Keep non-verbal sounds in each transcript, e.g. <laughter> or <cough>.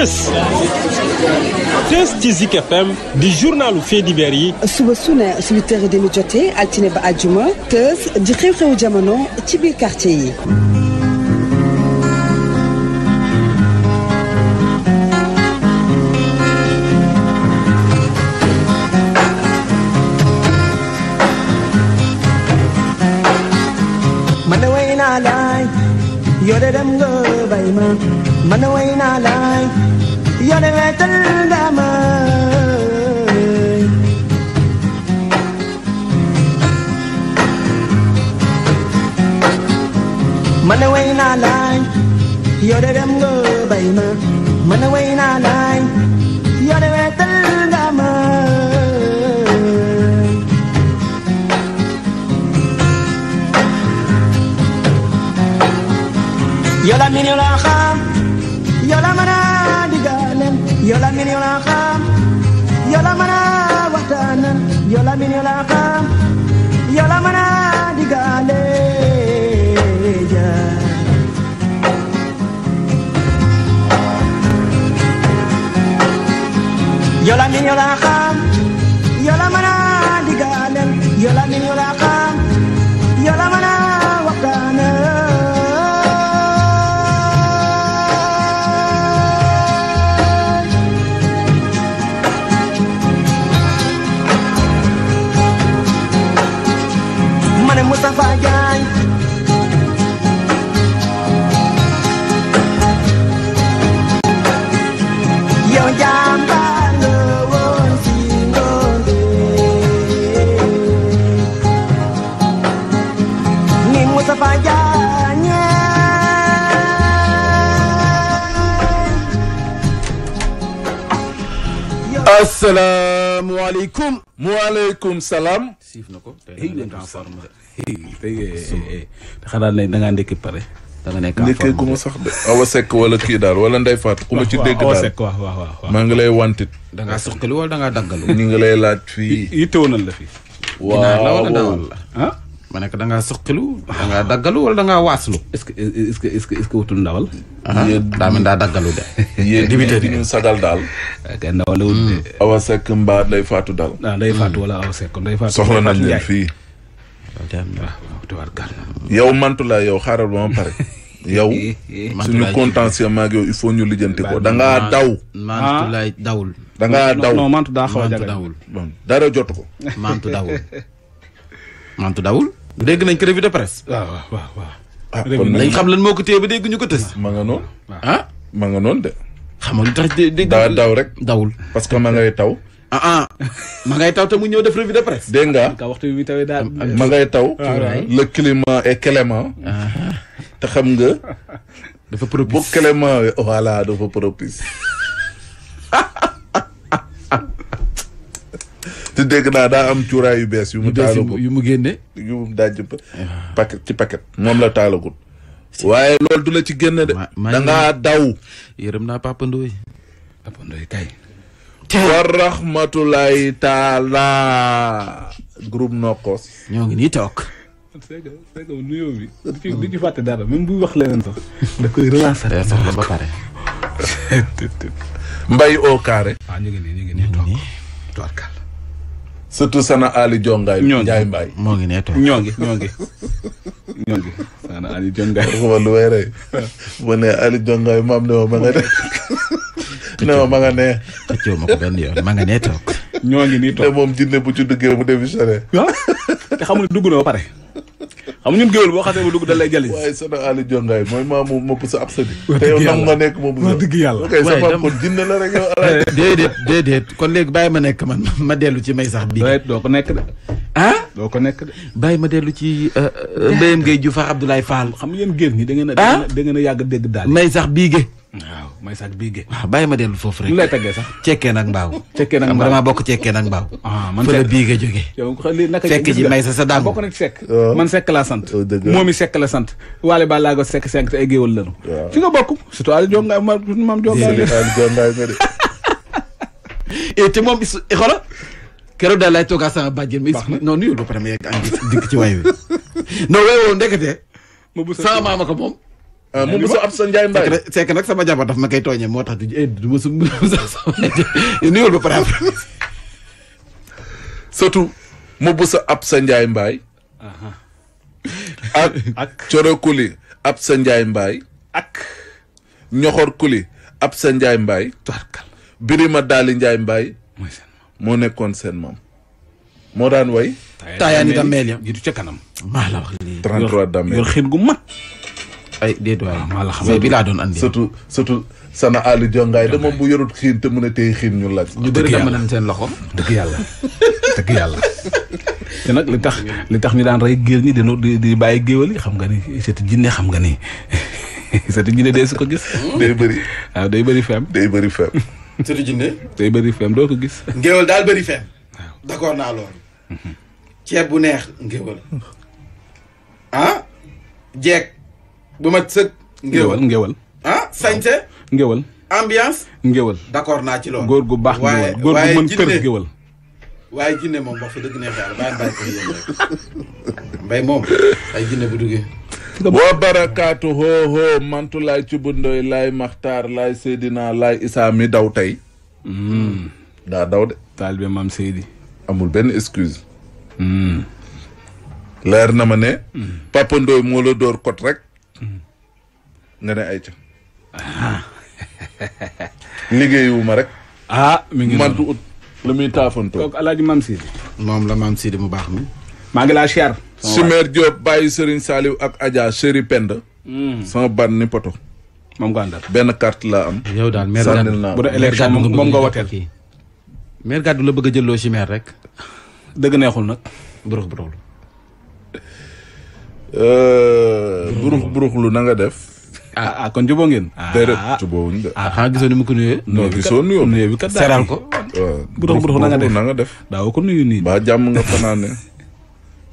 Teuss Teuss ci Zik FM di journalu faits divers yi suba su ne huit heures et demi jotee altine ba àjjuma Teuss di xew-xewu jamono ci biir quartier yi man way naa laay yore dem nga bay ma man way naa dengan terdamai Mana waina lain Yo da dam go bai ma Mana waina lain Yo da we terdamai Yo da minyo salaamualeykum. waaleykum salaam. siif na ko tey da nga da ngaa ndekki pare. da nga nekk ndekkee gu ma sax de. awa sekk wala kii daal wala ndey faat ku ma ci dégg daal maa ngi lay wantit. da ngaa suqali wala danga ngaa daggalu. ñu ngi lay laat fii. yittewoonal la la wala la ah? ma ne ko da ngaa suqilu da ngaa daggalu wala da ngaa waaslu. est-ce que est-ce que est-ce que est-ce que wutul ndawal. Ah, ah. daa mel daa daggalu de. yéen dibiteer yi ñu sagal daal. Ah, kay ndawal la wut de. Hmm. awa sekk mbaa day faatu daal. ah day faatu hmm. wala awa sekk day faatu. soxla nañ leen fii. yow Mantoula yow xaaral ba ma pare. <laughs> yow suñu contentieux maag yow il faut ñu lijjanti ko da ngaa daw. mantu lay dawul. da ngaa daw non mantu daa xaw a jagal dawul. dara jotu ko. mantu dawul. mantu dawul. dégg nañ ko revue de presse. Ah, waaw ah, xam lan moo ko téye ba dégg ñu ko tës. ma nga noonu. ah, ah? ma de. xam nga lu rek dawul. parce que ma ngay taw. ah ah ma ngay taw te mu ñëw def revue de presse. dégg nga waxtu bi tawee daal. ma ngay taw. le climat est clément. te xam nga. dafa propice bu clément voilà dafa propice. <laughs> te dégg naa daa am cuuraay yu bees. yu mu taalagut yu mu génne. yu mu daaj paquet ci paquet moom la taalagut. waaye loolu du la ci génne de. da ngaa daw. yërëm naa Papa Ndoye. Papa Ndoye kay. wa rahmatulahi taala. groupe Nokos. mbay au surtout Sana Ali Jongaay. ñoo ngi mbaay moo ngi nee ñoo ngi ñoo ngi ñoo ngi Sana <laughs> ne Ali Jongaay maam ne ma ma nga ne. ne ma ko benn yoon ma nga ñoo ngi nii toog te bu ci duggee mu démissionné. waaw ah? te dugg na ba pare. xam ñun géwél boo da lay jëli. waaye mooy maamu mopp sa ab sëriñ. te yow nam nga nekk moom. wax dëgg yàlla ok sa papa kon jinne la rek yow. Eh, déedéet kon léegi bàyyi ma nekk man ma dellu ci may sax bi liggéey doo ko nekk de. ah doo ko nekk de. bàyyi ma dellu ci euh, euh, mbéyam Guèye Diouf ak Abdoulaye Fall. xam ngeen géer ñi da ngeen a. da ngeen a yàgg dégg daal. may sax bii ge. waaw may sax bii ge. waaw bàyyi ma dellu foofu rek. lu lay tàggee sax. cekkeen ak mbaaw. cekkeen ak mbaaw damaa bokk cekkeen ak mbaaw. ah man fekk fa la bii ge jógee. yow li naka fekk ji may sa sa dàggu. Ah, bokk nag sekk ah. man sekk laa sant. Oh, dëgg la moom i sekk la sant. waale ba laa ko sekk sekk te ay géewal lanu. waaw fi nga bokk surtout Aliou Dior Ngaye maam Dior Ngaye. te moom eh, xoolal keroog daal laay toogaa sama bàjjen mi. baax na non nuyul ba pare ma yegg dikk ci waay wi. <laughs> non way woo ndekete. sama maama mu Moussa ah, Absa Ndiaye Mbaye. c'est daf ma moo tax du eh, du ma su <laughs> <laughs> nuyul ba pare uh-huh. ak ak Coro Kuli Absa Ndiaye Mbaye. ak Ñoxor Kuli Absa Ndiaye Mbaye. Birima Daali Ndiaye Mbaye. moo nekkoon seen maam moo daan way taayaani dammeel ya du ca kanam maa la wax lii 33 gu mag ay déet waay ah, maa la xam bi laa doon andi surtout surtout sana Ali Jongaay de moom bu yorut xiin a téye xiin ñu laaj ñu bëri dama leen seen loxo dëgg yàlla <laughs> dëgg yàlla te nag li tax li tax ñu daan rey géer ñi dino di bàyyi géewal xam nga ni seeti jinne xam nga ni seeti <laughs> jinne dee su ko gis day bëri waaw ah, day bëri fem day bëri fem Sidi Djindé. day bëri feem doo ko gis. ngéwél daal bëri feem. d'accord naa loolu. ceeb bu neex ngéwél. ah. jeeg bu mat sëg. ngéwél ngéwél. ah sañse. ngéwél. ambiance. ngéwél d'accord naa ci loolu. góor gu baax ngéwél góor gu mën kër ngéwél. waaye jinne moom wax fa dëgg neex yàlla bàyyi bàyyi ko yéen <laughs> mbay moom ay jinne bu duggee wa barakaatu hoo hoo mantu laay ci bundoy laay maxtaar laay seydina laay isaa mi daw tey hmm. daa daw de taalibe maam seydi amul benn excuse hmm. leer na ma ne hmm. Papa Ndoy moo la kot rek nga ne ay ca <laughs> liggéeyuma rek ah, ngi mantu ut la muy taafantoo mu baax Simer Diop bàyyi Serigne Saliou ak Adja Chéri Penda. Hmm. sama ban ni poto. moom nga àndal benn carte laa am. yow daal maire gàddu bu la bëgg a jëloo Simer rek. dëgg neexul nag. burux burux euh, hmm. lu. burux na nga def. ah ah kon jubóo ngeen. ah déedéet ah, wuñ de. ah xanaa gisoo ni mu nuyee. non gisoo nuyoo nuyoo bi kat. seeral ko. Euh, burux burux na nga def burux burux def. ko nuyu nii. ba jàmm nga fanaane.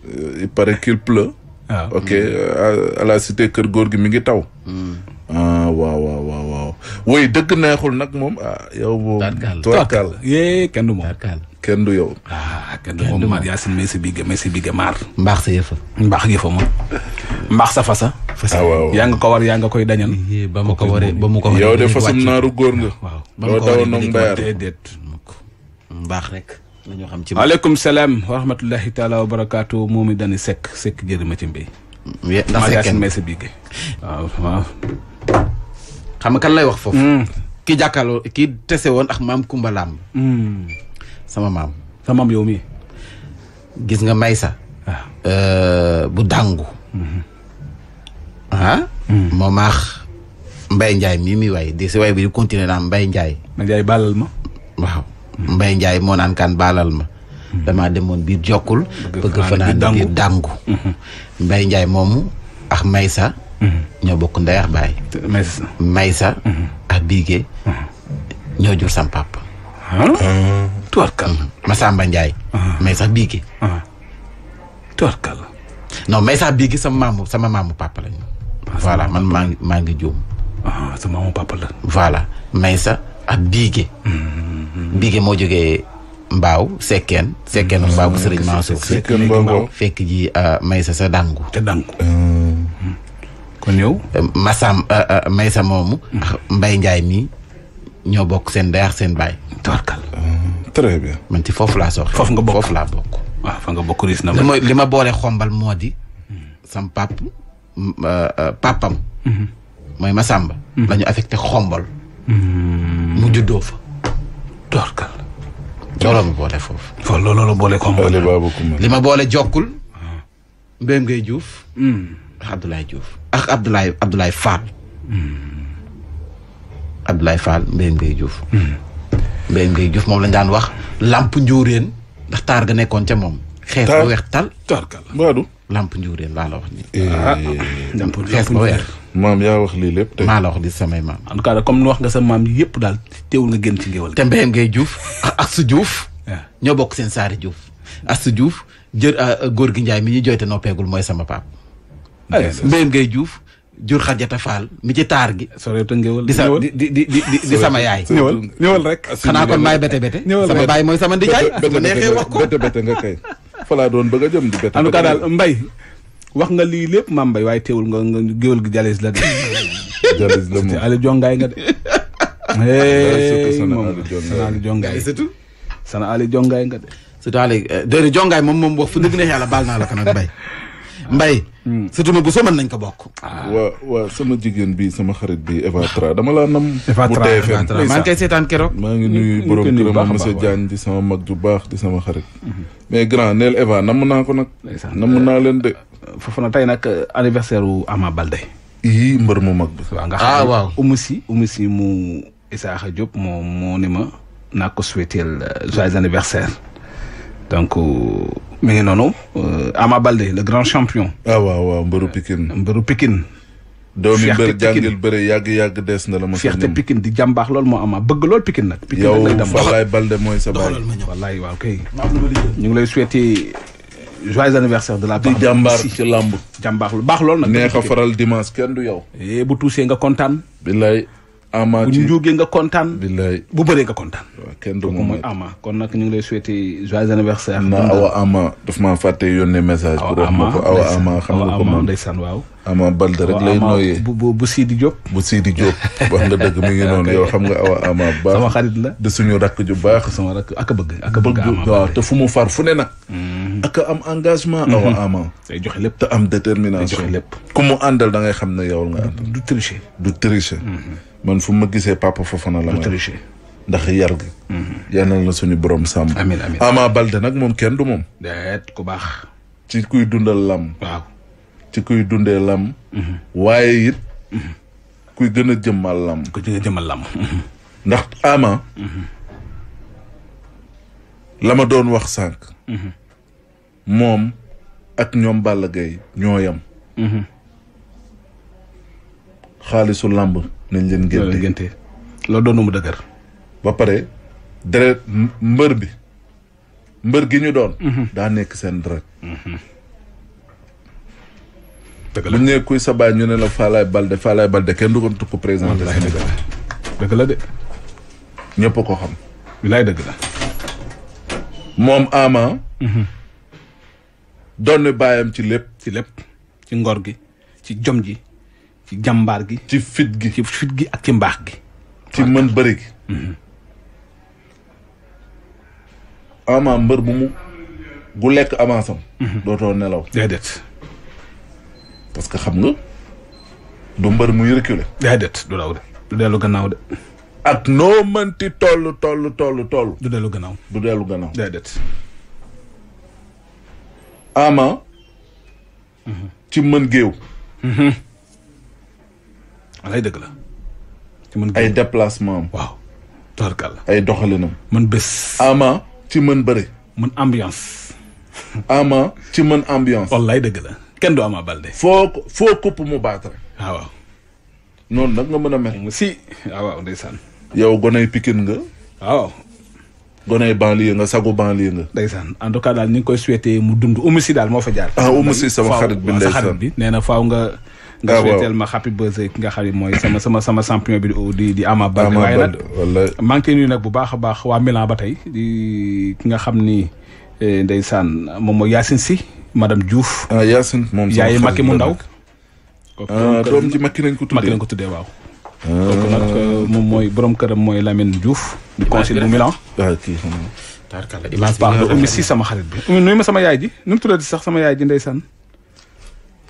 Euh, il paraît qu'il pleut. Ah, ah. ok mm. Euh, à, à la cité kër góor gi mi ngi taw. Hmm. ah waaw waaw waaw waaw. woy dëgg neexul nag moom ah yow. moom tuwarkaal yee kenn du moom. kenn du yow. ah kenn du moom maar yaasin messi bi messi bi maar. mbaax sa yëfa. mbaax yëfa moom. mbaax sa fasa. fasa ah, yaa nga ko war yaa nga koy dañan. ba mu ko waree ba mu ko waree yow de fasum naaru góor nga. waaw ba mu ko waree ba mu ko waree déedéet mbaax rek. nañu xam ci maaleykum salaam wa rahmatullahi taala wa barakaatu moom it dañuy sekk sekk jërëma ci mbéy. ndax sekkeen maa sa biige waaw waaw. xam nga kan lay wax foofu. Hmm. ki jàkkaarloo ki tese woon ak maam Kumba hmm. sama maam. sama maam yow mii. gis nga Maysa. Ah. Euh, bu dàngu. Hmm. ah. moo maax Mbaye Ndiaye mii muy waay di si waay bi di continuer naan Mbaye Ndiaye. Mbaye Ndiaye ma waaw. mbay Ndiaye moo naan kan baalal ma. damaa demoon biir jokkul. bëgg fanaan biir dàngu Mbaye Ndiaye moomu ak Maysa. ñoo bokk ndey ak baay. Maysa Maysa. Mhm. ak Biige. Mhm. ñoo jur sam papa. Ah? tuwarkal. Mhm. Masamba Ndiaye. Ah. Maysa Biige. Ah. tuwarkal. non Maysa Biige sama maamu sama voilà man maa ngi juum. sama maamu papa voilà Maysa. ak biige biige moo jógee mbaaw sekkeen sekkeenu mbaaw bu sëriñ Mansour fekk ji euh, may sa sa dàngu te dàngu euh. kon yow euh, masam may sa moomu mm. mbay njaay mii ñoo bokk seen day seen baay tawarkal très man ci foofu laa soxee foofu nga bokk foofu laa bokk waaw fa nga li ma boole xombal moo di mm. sam pap papam mm-hmm. mooy Masamba mm-hmm. la ñu affecté xombal mm-hmm. juddoo fa doorkal looloo ma boole foofu. foofu looloo boole ko li ma boole jokkul. Ah. Mbéem Gueye Diouf. ak hmm. Abdoulaye Diouf ak Abdoulaye Abdoulaye Fall. Hmm. Abdoulaye Fall Mbéem Gueye Diouf. Hmm. Mbéem moom lañ daan wax. làmp njóoreen ndax taar ga nekkoon ca moom. xeet bu weex tal taar làmp njuureen laa la wax nii. Eh, ah, ah. làmp xees ba lépp. maa la di samay maam. en wax nga sa maam yëpp daal teewul nga génn ci ngéwal. ngay Diouf ak <laughs> su ah. ñoo bokk seen saari Diouf. Astu Diouf góor gi Njaay mi ñu jooyte noppeegul mooy sama paap. mbéyam ngay Diouf. jur xarjata faal mi ci gi. soreetu ngéwal di di di di yaay. ñëwal ñëwal rek. xanaa kon maay bete bete. sama baay mooy sama ndijaay. bete bete nga kay. fa laa doon bëgg a jëm di bett ka tout daal mbay wax nga lii lépp mam mbay waaye teewul nga nga géwél gi jalis la de <laughs> jalis la moom ali jongaay nga de <laughs> sana ali jongaay surtout sana ale jongaay nga de surtout ali euh, déedéet jongaay moom moom wax fu dëgg neex yàlla baal naa la kanam <laughs> mbay mm. surtout ma bu soo mën nañ ko bokk ah. waaw waaw sama jigéen bi sama xarit bi Eva Tra dama laa nam Eva Tra maa ngi koy seetaan keroog maa ngi nuyu borom këram monsieur Diagne di sama mag ju baax di sama xarit mhm. mais grand neel Eva namm naa ko nag namm naa leen de euh, foofu na tey nag euh, anniversaire wu Ama Balde yii mbër mu mag bi waaw nga ah, xam waaw umu si umu mu Isaaxa Diop moo moo ni ma naa ko souhaiter euh, joyeux anniversaire donc mi ngi noonu euh, Ama Balde le grand champion. ah waaw waaw mbëru Pikine. mbëru Pikine. doomi mbër jàngil bëre yàgg yàgg des na la ma. fierté Pikine di jàmbaax lool moo ama ah, bëgg lool Pikine nag. Pikine nag lay dem yow Falaye Balde mooy sa baay. wallaay waaw kay. ñu ngi lay souhaiter joyeux anniversaire de la. di jàmbaar ci làmb. jàmbaax lu baax lool nag. neex a faral dimanche kenn du yow. Eh, bu tuusee nga kontaan. billaay. ama bu njuugee nga kontaan. billaay bu bëree nga kontaan. kenn du moom ama kon nag ñu ngi lay souhaiter joyeux anniversaire. na daf ma ko awa ama xam nga ko moom ndeysaan waaw. ama balde rek lay nooyee bu bu bu Sidi bu Sidi Diop <laughs> wax nga dëgg mi ngi noonu yow xam nga awa ama baax sama xarit la de suñu rakk ju baax. sama rakk ak bëgg ak bëgg ama waaw te fu mu far fu ne nag. Mm-hmm. ak am engagement. awa mm-hmm. ama. day joxe lépp te am détermination. day lépp ku mu àndal da ngay xam ne yow nga àndal. du tricher du tricher. Mm-hmm. man fu ma gisee Papa Fofana la. ndax yar gi. Mhm. yal la suñu borom sàmm. amiin amiin Ama Balde nag moom kenn du moom. déet ku baax. ci kuy dundal lam. kuy dundee lam. Mhm. waaye mhm. kuy gën a jëmmal lam. ku gën a ndax Ama. la doon wax sànq. moom ak ñoom Balla Gaye ñoo yam. xaalisu lamb. nañ leen gënte gënte loolu doon mu dëgër. ba pare deret mbër bi mbër gi ñu doon. Mhm. daa nekk seen deret. Mhm. dëgg la bu kuy sa baay ñu ne la Faalaay Balde Faalaay Balde kenn du ko tukk présenté Sénégal. dëgg la de. ñëpp ko xam. wilaay dëgg la. moom Ama. Mhm. doon na bàyyam ci lépp. ci lépp ci ngor gi ci jom ji. ci jàmbaar gi. ci fit gi ci fit gi ak ci mbaax gi. ci mën bëri gi. Mm-hmm. ama mbër bu mu gu lekk avance am. Mm-hmm. dootoo nelaw. déedéet. parce que xam nga du mbër muy reculer. déedéet du daw de du dellu gannaaw de. ak noo mënti toll toll toll toll. du dellu gannaaw du dellu gannaaw. Mm-hmm. ci mën géew. walay dëgg la. ci mën ay déplacement am. waaw tabarkàlla. ay doxalinam. mën bés. ama ci mën bëre. mën ambience ama ci mën ambiance. wallaay dëgg la kenn du ama balde. foo foo kupp mu baat rek. Ah, waaw. noonu nag nga mën a mel. si ah, waaw ndeysaan. yow goney Pikine nga. Ah, waaw. goney banlieue nga sagu banlieue nga. ndeysaan en tout cas daal ñu ngi koy souhaité mu dund Oumou Sy daal moo fa jaar. ah Oumou sama xarit bi ndeysaan faaw nga. Ah, nga souhaiteel ma happy birthday ki nga xam ne mooy sama sama sama champion bi di di Ama Baldé waaye nag maa ngi koy nuyu bu baax baax waa Milan ba tey di ki nga xam ni eh, ndeysaan moom mooy Yacine si madame juuf ah moom yaay Macky mu ndaw ah, doom ji Macky nañ ko tuddee Macky nañ ko tuddee waaw donc ah. nag eh, moom mooy borom këram mooy Lamine juuf di conseil bu Milan tarkala image bi baax na ummi si sama xarit bi. nuyu ma sama yaay ji nu mu sax sama yaay ji ndeysaan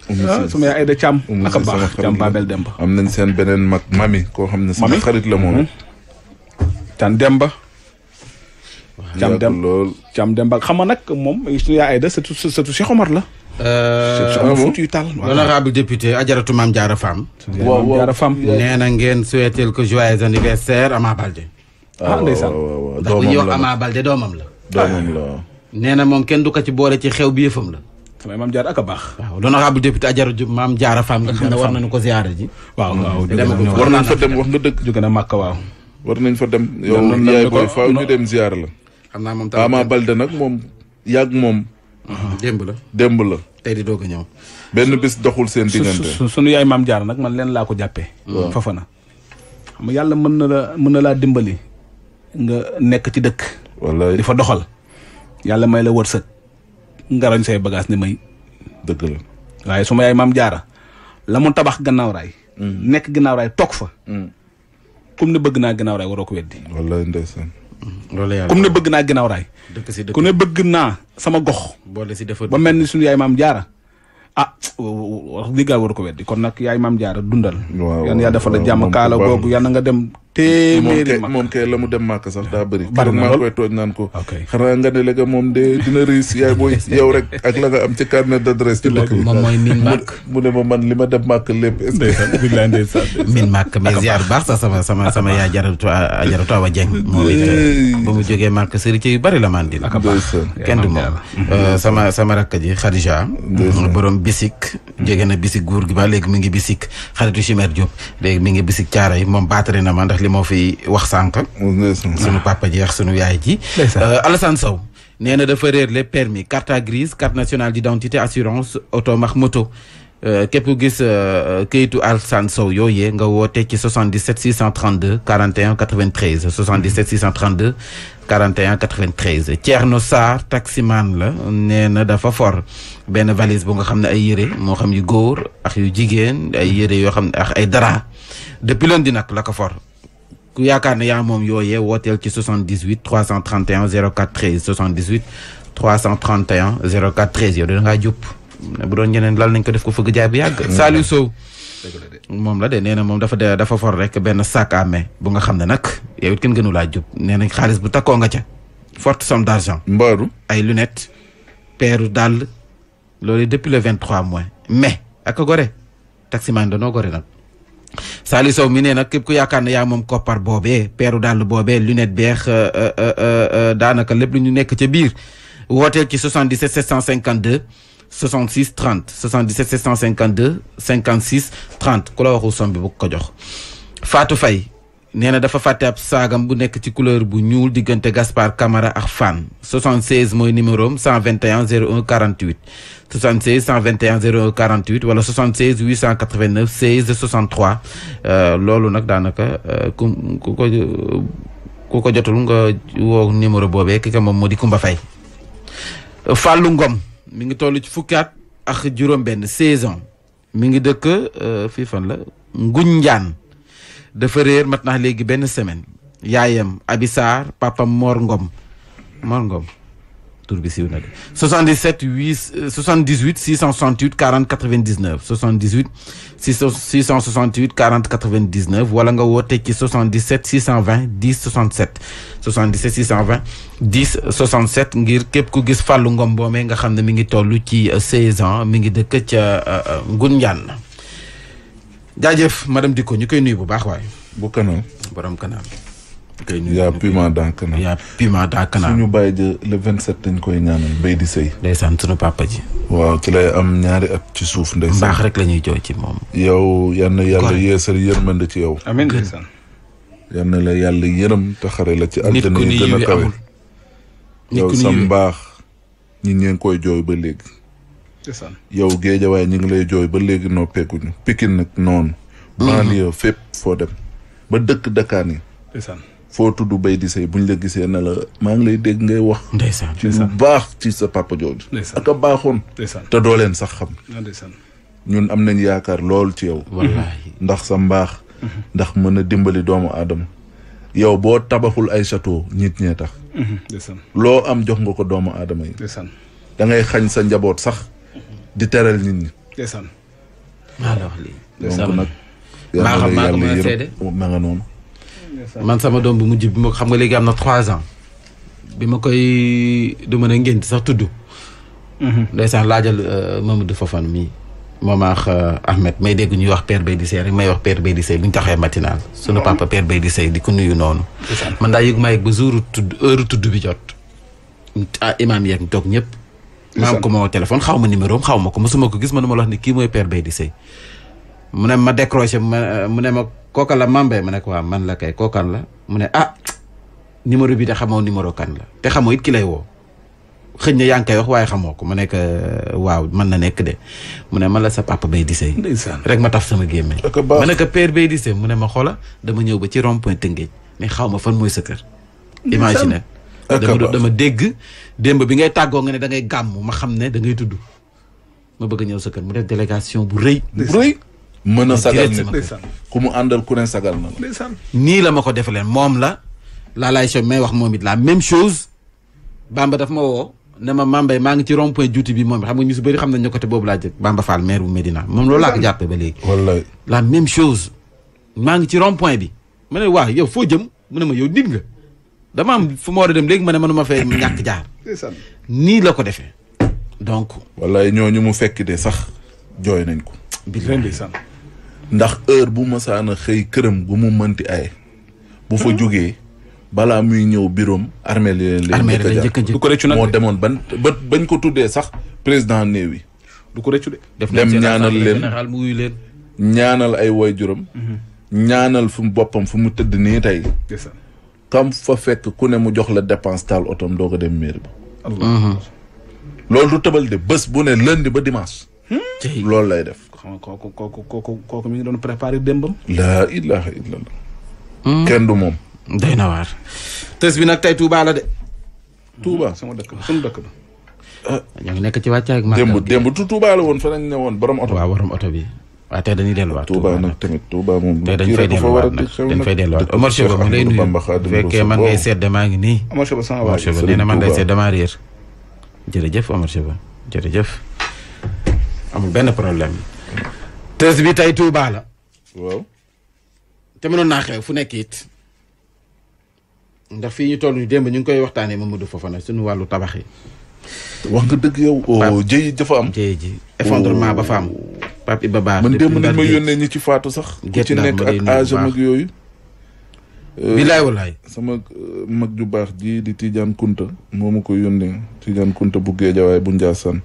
ah sama yaay Ayda Thiam ak a baax Thiam Babel Demba am nañ seen beneen mag mami koo xam ne sama xarit la moom Thiam Demba Thiam Demba lool Thiam Demba xam nga nag moom suñu yaay Ayda sëtu sëtu Cheikh Omar la euh, ah, Fuuti Taal l'honorable député Adjaratou Mame Diarra Fam waaw Mame na ngeen souhaiter ko joyeux anniversaire a Baldé ah, ah ndeysaan ndax yow Ama Baldé doomam la doomam la nee moom kenn du ko ci boole ci xew bi yëfam la samay maam jaar ak a baax. waaw l'honorable député a Diop maam jaara faam nga xam ne war nañu ko ziyaara ji. waaw waaw war nañ fa dem wax na Màkka waaw. war nañ fa dem. yow yaay booy faaw ñu dem ziyaara la. xam naa moom tamit Ama Balde nag moom yàgg moom. démb la démb la. tey di doog a ñëw. benn bis doxul seen diggante su sunu yaay maam jaar nag man leen laa ko jàppee. fafa na xam yàlla mën na la mën na laa dimbali nga nekk ci dëkk. wallaay di fa doxal yàlla may la wërsëg ngarañ say bagage ni may. dëgg la waaye suma ma yaay maam jaara la mu tabax gannaaw raay. Mm. nekk gannaaw raay toog fa. comme ne bëgg naa gannaaw raay waroo ko weddi. wallaahi ndeysaan. loolu yàlla bëgg naa gannaaw raay. dëkk si dëkk ku ne bëgg naa sama gox. boole si defar ba mel ni suñu yaay maam jaara. ah wax dëgg yàlla war ko weddi kon nag yaay maam jaara dundal. waaw yan yaa defal la jàmm kaala googu yal na nga dem. téeméeri mag moom kay la mu dem màkk sax daa bëri keroog maa ngi ko xanaa nga ne léegi moom de dina réussir yaay booy <laughs> yow rek ak la nga am <laughs> ma man ma dem màkk lépp bilaay ndeysaan min màkk mais ziar baax sax sama sama sama yaay jaratu jaratu Awa Dieng moom ba mu jógee màkk sëriñ yu bëri la man di kenn du moom euh, sama sama rakk ji Khadija borom bisik jóge na bisik góor gi ba léegi mi ngi bisik xaritu Chimère Diop léegi mi ngi bisik caaray moom baatare na ma ndax Seydi moo fi wax sànq. sunu papa ji ak sunu yaay ji. Euh, Alassane Sow nee na dafa réer les permis carte grise carte nationale d'identité assurance oto max moto. Euh, képp ku gis euh, kayitu Alassane Sow yooyee nga woote ci 77 632 41 93 77 632 41 93 Thierno Sarr taximan la nee na dafa for benn valise bu nga xam ne ay yére moo xam yu góor ak yu jigéen ay yére yoo xam ne ay dara depuis lundi nag for ku yaakaar ne yaa moom yooyee wooteel ci 78 331 04 13 78 331 04 13 yow da ngaa jub bu doon ñeneen lal nañ ko def ko fëgg jaay bu yàgg. Mm-hmm. Saliou Sow moom la de nee na moom dafa de dafa for rek benn sac à main bu nga xam ne nag yow kenn gënu laa jub nee nañ xaalis bu takkoo nga ca. fort somme d'argent. mbaaru ay lunettes. peeru dàll. loolu depuis le 23 mois. mais ak a gore taximaan danoo gore nag. Sali mi nee nag képp ku yaakaar ne yaa moom koppar boobee peeru dàll boobee lunette beex euh, euh, euh, daanaka lépp lu ñu nekk ca biir wooteel ci 77 752 66 30 77 752 56 30 ku la waxul som bi bu ko jox faatu fay nee na dafa fàtte ab saagam bu nekk ci couleur bu ñuul diggante Gaspard Camara ak Fann 76 mooy numéro am 121 01 48 76 121 048 wala 76 889 16 63 loolu nag daanaka euh, ku ko ku jotul nga woo numéro boobee ki moom moo di Kumba Faye Fallou Ngom mi ngi toll ci fukki at ak juróom-benn saison mi ngi dëkk euh, fii fan la Ngunjaan dafa réer mat na léegi benn semaine yaayam Abi Sarr papam Ngom Mor Ngom tur bi siiw na de 77 8 78 668 40 99 78 668 40 99 wala nga woote ci 77 620 10 67 77 620 10 ngir képp ku gis Fallou Ngom boomee nga xam ne mu ngi tollu ci 16 ans mi ngi dëkk ca euh, euh, Ngoundiane jaajëf madame Dicko ñu koy nuyu bu baax waaye. bu kanam borom kanam. kay ñu yaa piment dankana yaa piment dankana suñu bàyyi ja le vingt sept koy ñaanal bay di sëy ndeysaan suñu papa ji waaw ci lay am ñaari at ci suuf ndeysaan mbaax rek la ñuy jooy ci moom yow yal na yàlla yeesal yërmande ci yow amiin ndeysaan yal na la yàlla yërëm te xare la ci àddina yi gën a kawe yow sa mbaax ñi ñi ngi koy jooy ba léegi ndeysaan yow waaye ñu ngi lay jooy ba léegi noppeekuñu pikin nag noonu mm-hmm. banlieue fépp foo dem ba dëkk dakkaan yi foo tudd bay di sey buñ la gisee na la maa ngi lay dégg ngay wax. ndeysaan ci lu baax ci sa papa jooju. ndeysaan ak a baaxoon. te doo leen sax xam. Ah, ndeysaan ñun am nañ yaakaar lool ci yow. wallaahi ndax sa mbaax. Mhm. ndax mën a dimbali doomu aadama. yow boo tabaxul ay sato nit ñee tax. Mhm, loo am jox nga ko doomu aadama yi. da ngay xañ sa njaboot sax. di teral nit ñi. ndeysaan maa la wax lii. donc nag. maa a nga noonu. man sama doom bu mujj bi ma xam nga léegi am na trois ans bi ma koy du ma a ngénti sax tudd. Mhm. ndeysaan laajal euh, Mamadou Fofane mii. moom ak euh, Ahmed may dégg ñuy wax per Baye di Sey rek may wax Père Baye di Sey bu ñu taxee matinal sunu papa Père Baye di Sey di ko nuyu noonu. man daa yëg maa ba jour tudd bi jot. ah imaam yeeg ñu toog ñëpp. maam ko moo téléphone xaw ma numéro xaw ma ko mosuma ko gis ma nu ma la wax kii mooy Père Baye di Sey. mu ne ma décroché ma euh, mu ne ma kooka la Mambey ma nekk waa man la kay kookan la mu ne ah numéro bi de xamoo numéro kan la te xamoo it ki lay woo xëñ na yaa ngi koy wax waaye xamoo ko ma nekk euh, waaw mën na nekk de mu ne ma la sa papa bay di sey rek ma taf sama gémmiñ ma ne ko père bay di sey mu ne ma xoola dama ñëw ba ci rond point Tëngéej mais xaw ma fan mooy sa kër imagine dama dama dégg démb bi ngay tàggoo nga ne da ngay gàmm ma xam ne da ngay tudd ma bëgg ñëw sa kër mu def délégation bu rëy mën a sagal na ku mu àndal ku ne sagal na la nii la ma ko defalee moom la laalaay so may wax moom it la même chose Bamba daf ma woo ne ma Mambay maa ngi ci rond point bi moom xam nga ñu su bëri xam nañ ne côté boobu laa jëkk Bamba Fall maire bu Médina moom loolu laa ko jàppee ba léegi la même chose maa ngi ci rond bi ma ne waaw yow foo jëm mu ne ma yow nit dama am fu ma war dem léegi ma ne manuma fee ñàkk jaar nii la ko defee donc wallaay ñooñu mu fekk de sax jooy nañ ko ndax heure bu masaana xëy këram gu mu mënti ay bu fa hmm. jógee balaa muy ñëw biroom armée li leen jëkk moo demoon ban ba bañ ko tuddee sax président néew yi du ko rëccu de dem ñaanal leen ñaanal ay woy juróom hmm. ñaanal fu boppam fu mu tëdd nii tey kam fa fekk ku ne mu jox la dépense taal otom doo ko dem mairie ba hmm. loolu du tëbal de bés bu ne lundi ba dimanche loolu lay def xam nga kooku kooku kooku kooku mi ngi doon préparé démbam. laa hmm. moom. day na waar. tës bi nag tey Touba la de. Touba sama dëkk ba sunu dëkk ba. Ah. ñoo nekk ci wàccaay ak màggal démb démb tu Touba la woon fa lañ ne woon borom oto. waaw bi waaw tey dañuy delluwaat. Touba nag tamit Touba moom. tey dañ fay delluwaat nag dañ fay delluwaat Omar lay nuyu bu fekkee man ngay seet maa ngi nii. Omar Cheba sama waa Cheba nee na man ngay seet damaa réer. jërëjëf ba Cheba jërëjëf amul benn problème. test bi tey Touba la. waaw. te mënoon naa xew fu nekk ndax fii ñu toll ñu démb ñu ngi koy waxtaanee Mamadou Fofana suñu wàllu tabax yi. wax nga dëgg yow. Oh, jëy dafa am ji effondrement ba fa am. Oh. Pape Iba Baar man démb nañ ma ci faatu sax. ku ci nekk ak yooyu. Euh, bilaay sama euh, mag ju baax ji di Tidiane Kunta moo ma ko yónnee Tidiane Kunta bu Géejawaay bu Njaasaan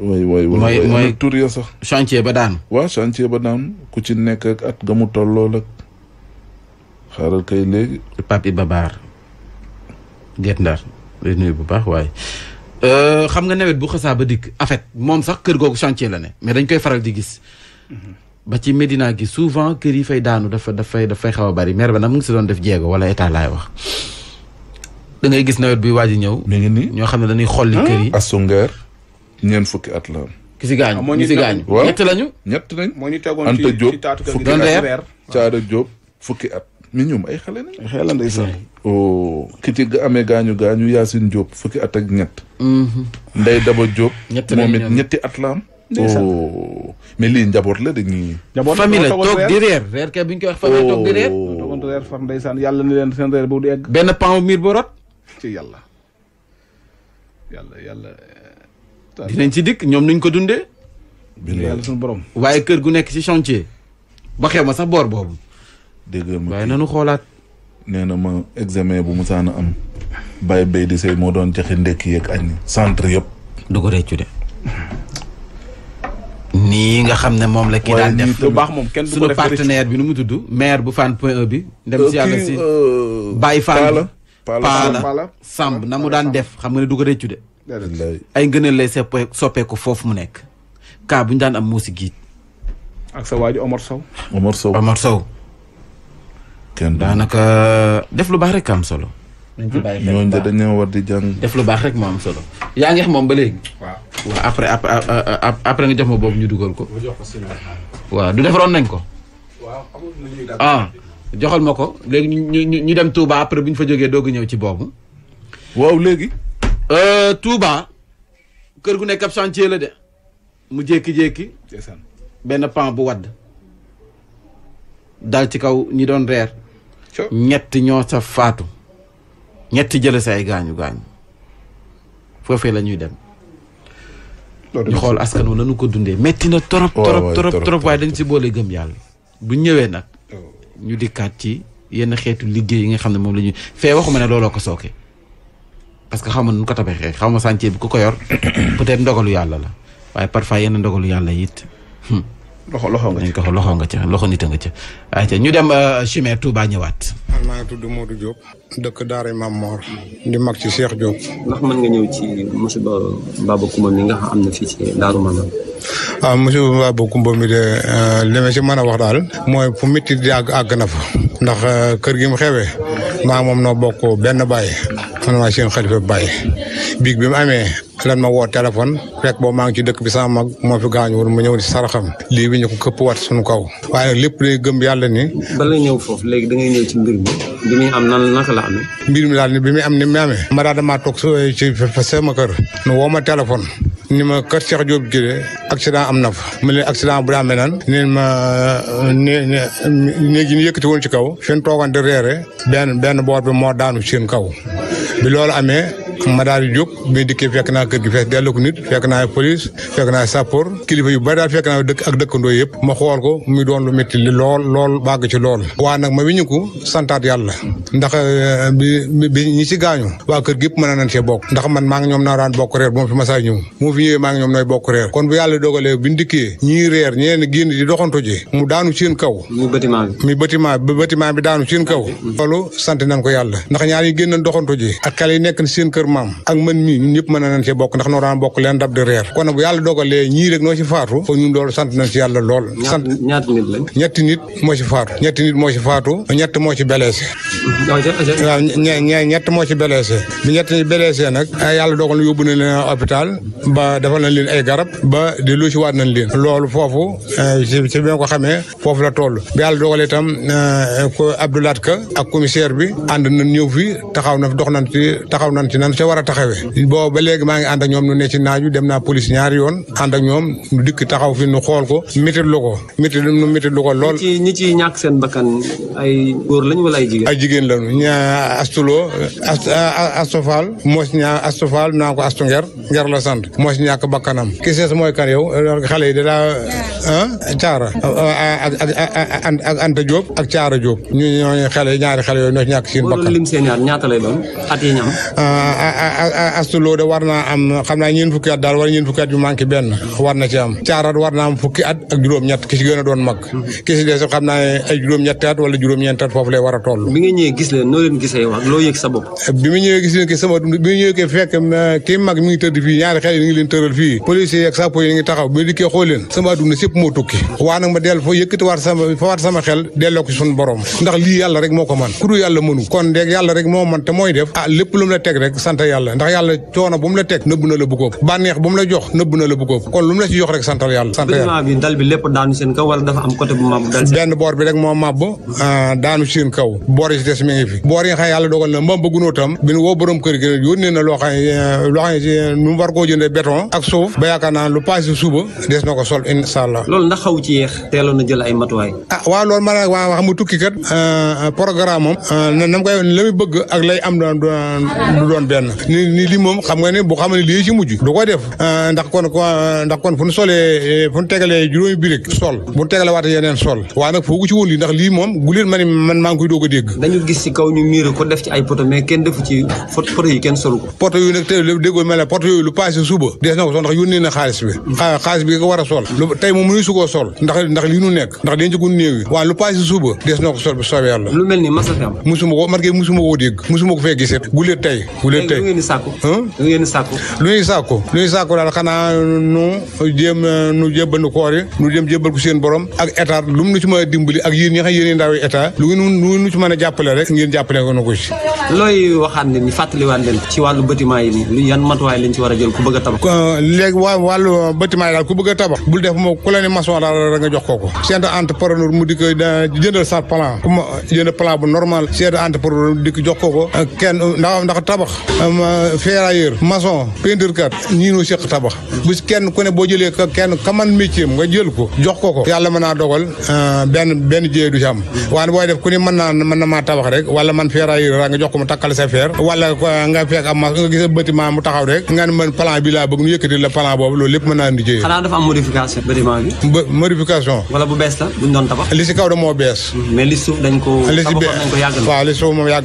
way way mooy mooy tur ya sax chantier ba daanu waaw chantier ba daanu ku ci nekk ak at ga mu tolloo ak xaaral kay léegi papi babaar Guet Ndar lay nuyu bu baax waaye euh, xam nga nawet bu xasaa ba dikk en fait moom sax kër googu chantier la ne mais dañ koy faral di gis ba ci Medina gi souvent kër yi fay daanu dafa dafay dafay xaw a bari maire ba nag mu ngi si doon def jéego wala état laay wax dangay gis nawet buy waaj a ñëw. mi ñoo xam ne dañuy xolli kër yi. Ah, ñeent fukki at la ki si gaañu ah, ñi si gaañu waaw ñett lañu. ñett lañ moo ñu tegoon ci ci taatu kër gi doon reer Caada fukki at. mi ñoom ay xale nañ. ay xale la ndeysaan. oh ki ci amee gaañu gaañu Yacine Diop fukki at ak ñett. Mhm. Ndeye Daba Diop. ñett lañ moom ñetti at la am. oh njaboot la dañuy. njaboot la famille la toog di reer reer kay bu ñu koy wax famille toog di reer. toogoon yàlla ni leen seen reer bu du egg. benn pan miir bu rot. dinañ ci dikk ñoom nuñ ko dundee. yàlla suñu borom. waaye kër gu nekk ci chantier. ba xew ma sax boor boobu. dégg ma waaye nanu xoolaat. nee na ma examen bu musaan a am. bay bay di sëy moo doon joxe ndekki yeeg añ. yëpp. du ko réccu de. nii nga xam ne moom la kii daan def lu baax moom kenn du ko bi nu mu tudd. maire bu Fann point E bi. ndem si yàlla euh, si Baye Fall. Paala Paala Samb na mu daan def xam nga ne du ko réccu de. ay ngëneel lay soppe soppeeku foofu mu nekk kaa buñ daan am moo si giit ak sa waaju Omar Sow Omar Sow Omar Sow daanaka def lu baax rek am solo ñooñu de dañoo war di jàng def lu baax rek moo am solo yaa ngi moom ba léegi waaw waaw après après nga jox ma boobu ñu dugal ko waaw du defaroon nañ ko ah joxal ma ko léegi ñu ñu dem Touba après bu ñu fa jógee doog ñëw ci boobu waaw léegi Euh, Touba kër gu nekk ab chantier la de mu jékki-jékki. benn pan bu wadd dal ci kaw ñi doon reer. ñett ñoo sa faatu ñetti jële sa ay gaañu gaañu foofee la ñuy dem. ñu xool askan wi lañu ko dundee metti na torop torop torop torop waaye dañ si boole gëm yàlla bu ñëwee nag. Oh. ñu dikkaat ci yenn xeetu liggéey yi nga xam ne moom la ñuy fee waxuma ne looloo ko sooke. parce que xaw ma nu ko tabaxee xaw ma chantier bi ku ko yor <coughs> peut-être ndogalu yàlla la waaye parfois yenn ndogalu yàlla it. Hmm. loxo loxo nga ca loxo nga ca loxo nit a nga ca. ayca ñu dem euh, Chimère Touba ñëwaat. man maa ngi tudd Modou Diop. dëkk Daara Mam Mor. di mag ci Cheikh Diop. ndax mën nga ñëw ci xam na ci Daaru Maam. ah musiba Baba Kumba de euh, li ma si mën a wax daal. mooy fu métti di àgg àgg na fa. ndax euh, kër gi mu xewee. maa moom noo bokk benn baay. man maa seen xalifa baay. biig bi mu amee. lan ma woo téléphone rek boobu maa ngi ci dëkk bi sama mag moo fi gaañu woon ma ñëw ci saraxam lii bi këpp wat suñu kaw waaye lépp day gëmb yàlla ni bala ñëw foofu léegi da ñëw ci mbir mi bi muy am na naka la amee mbir mi daal ni bi muy am ni mu amee ma daal damaa toog ci fa sama kër nu woo ma téléphone ni ma kër Cheikh Diop gi de am na fa mu ne accident bu daa amee nan neen ma ne néeg yi ñu ci kaw fi ñu toogoon di reere benn benn boor bi moo daanu seen kaw bi loolu ma daal di jóg bi dikkee fekk naa kër gi fees dellu ko nit fekk naa police fekk naa sappoor kilifa yu bari daal fekk naa dëkk dëkkandoo yëpp ma xool ko muy doon lu métti li lool lool bàgg ci lool waa nag ma wiñu ko santaat yàlla ndax euh, bi bi ñi ci gaañu waa kër gi yëpp mën nañ cee bokk ndax man maa ngi ñoom naa daan bokk reer bu ma fi masaa ñëw mu fi ñëwee maa ngi ñoom nooy bokk reer kon bu yàlla dogalee bi ñu kaw mi bâtiment bi bâtiment bi daanu seen kaw loolu sant ko yàlla ndax ñaar yi génn doxantu ji ak nekk seen kër maam ak man mii ñun ñëpp mën nañ cee bokk ndax noo daan bokk leen dab di reer kon nag bu yàlla dogalee ñii rek noo ci faatu fo ñun loolu sant nañ ci yàlla ñett moo ci beleese ñett moo ci beleese nag yàlla dogal na yóbbu nañ leen hôpital ba defal nañ leen ay garab ba di lu ci waat nañ leen loolu foofu eh, ci bi nga ko xamee foofu la toll bi yàlla dogalee itam eh, ko Abdoulaat Ka ak commissaire bi ànd nañ ñëw fi taxaw na dox nañ ci ci nan ca war a taxawee boobu ba léegi maa ngi ànd a ñoom nu ne ci naaju dem naa police ñaari yoon ànd ak ñoom nu dikk taxaw fi nu xool ko métit lu ko métit nu métit lu ko lool ñi ci ñàkk seen bakkan ay góor lañ wala ay jigéen ay jigéen lañu ñaa astuloo astofal moo si ñaa astofal naa ko astu nger nger la sant moo si ñàkk bakkanam ki sees mooy kan yow xale yi dalaa ah caara ak ak Anta Diop ak caara Diop ñu ñooñu xale ñaari xale yooyu ñoo ci ñàkk seen bakkan astuloo de war naa am xam naa ñeen fukki at daal wala ñeen fukki at na ci am caarat war naa am fukki at ak juróom-ñett ki si gën a doon mag ki si des xam naa ne ay juróom-ñetti at wala juróom-ñeenti at foofu lay war a ñëwee gis leen noo leen gisee wax sa bopp ngi taxaw bi dikkee xool leen sama adduna sépp moo tukki waa ma dell fa yëkkati waat sama xel delloo ko ci suñu borom ndax lii yàlla rek moo ko man ku du yàlla mënu kon yàlla rek moo man te mooy def ah lépp lu la teg rek sant yàlla ndax yàlla coono bu mu la teg nëbb na la bu koob bànneex bu mu la jox nëbb na la bu koob kon lu mu la ci jox rek santal yàlla sant yàlla bi dal daanu seen kaw wala dafa ah, des mi fi boor yi yàlla dogal na mbaam bëggunoo tam bi nu woo borom kër gi yónnee na loo xam eh, eh, ndax xaw ci yéex teeloon na jël ay matuwaay ah waaw loolu man waa wax mu tukki kat eh, programme am na nam koy la bëgg ak lay am doon doon benn lenn ni ni li moom xam nga ne bu xam ne lii ci mujj du ko def euh, ndax kon fu ñu solee fu ñu tegalee juróomi birig sol bu ñu tegalee waate yeneen sol waaye nag foogu ci woon lii ndax lii moom gu leen man man maa ngi koy doog a dégg dañu gis ci suba dees na sol ndax yónnee ah, a sol tey moom mënuy su lu passé suba dees na ko sol bi soobee kay musuma koo dégg musuma ko fee gisee gulee tey gulee lu ngeen di sàkku. lu ngeen di sàkku. lu ñuy daal xanaa nu jéem nu jébbal koor yi nu jéem jébbal ko seen borom ak état lu mu nu ci mën a ak yéen ñi xam yéen ndaw yi lu ngeen lu ci mën a jàppale rek ngeen jàppale ko ko ci. looy waxaat ne ñu fàttaliwaat leen ci wàllu bâtiment yi nii lu yan lañ ci war a jël ku bëgg a tabax. Euh, léegi waa wàllu bâtiment yi daal ku bëgg a tabax bul def moom ku la ne maçon daal nga jox kooku seen entrepreneur mu di ko jëndal sa plan comme jënd plan bu normal seen entrepreneur di ko jox kooku kenn ndax ndax tabax Euh, ferrailleur maçon peinturekat ñii ñu seq tabax bu kenn ku ne boo jëlee ka kenn ka nga jël ko jox ko ko yàlla ma naa dogal euh, benn benn jiyee du si am waaye booy def ku ne mën mu takkal sa fer wala euh, nga fekk am nga gis a bâtiment mu taxaw rek nga ne man plan bi li si kaw mm-hmm.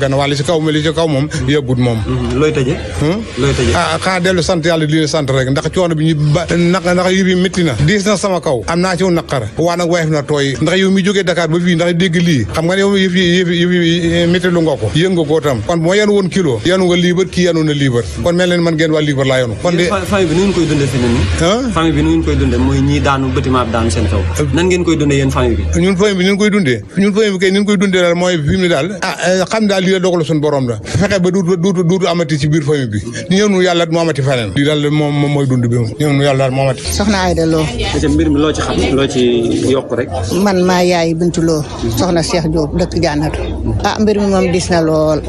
da moom yàgg moom mm-hmm. looy tëjee. Hmm? looy tëjee ah xanaa dellu sant yàlla di leen sant rek ndax coono bi ñu ba ndax ndax yu bi métti na diis na sama kaw am naa ci wu naqar waa nag wayef na tooy ndax yow mi jógee Dakar ba fii ndax dégg lii xam nga ne yow yëf yi yëf yi eh, métti lu nga ko yëngu ko tam kon bu ma yenu woon kilo yenu nga liibar kii yenu na liibar kon mel leen man ngeen waa liibar laa yenu kon de famille bi nu ngeen koy dundee fi nii famille bi nu ngeen koy dundee mooy ñii daanu bâtiment bi daanu seen kaw nan ngeen koy dundee yéen famille bi ñun famille bi ni ñu koy dundee ñun famille bi kay ni ñu koy dundee daal mooy fi mu ne daal ah eh, xam daal lii la dogal suñu borom la fexe ba duut duut duut amati métti ci biir famille bi di ñëw nu yàlla moo amati feneen di daal moom mooy dund bi ñëw nu yàlla moo amati soxna Ayda Lo mbir mi loo ci xam loo ci yokk rek man maa yaay Bintu Lo soxna Cheikh Diop dëkk Jannatu ah mbir mi moom dis na lool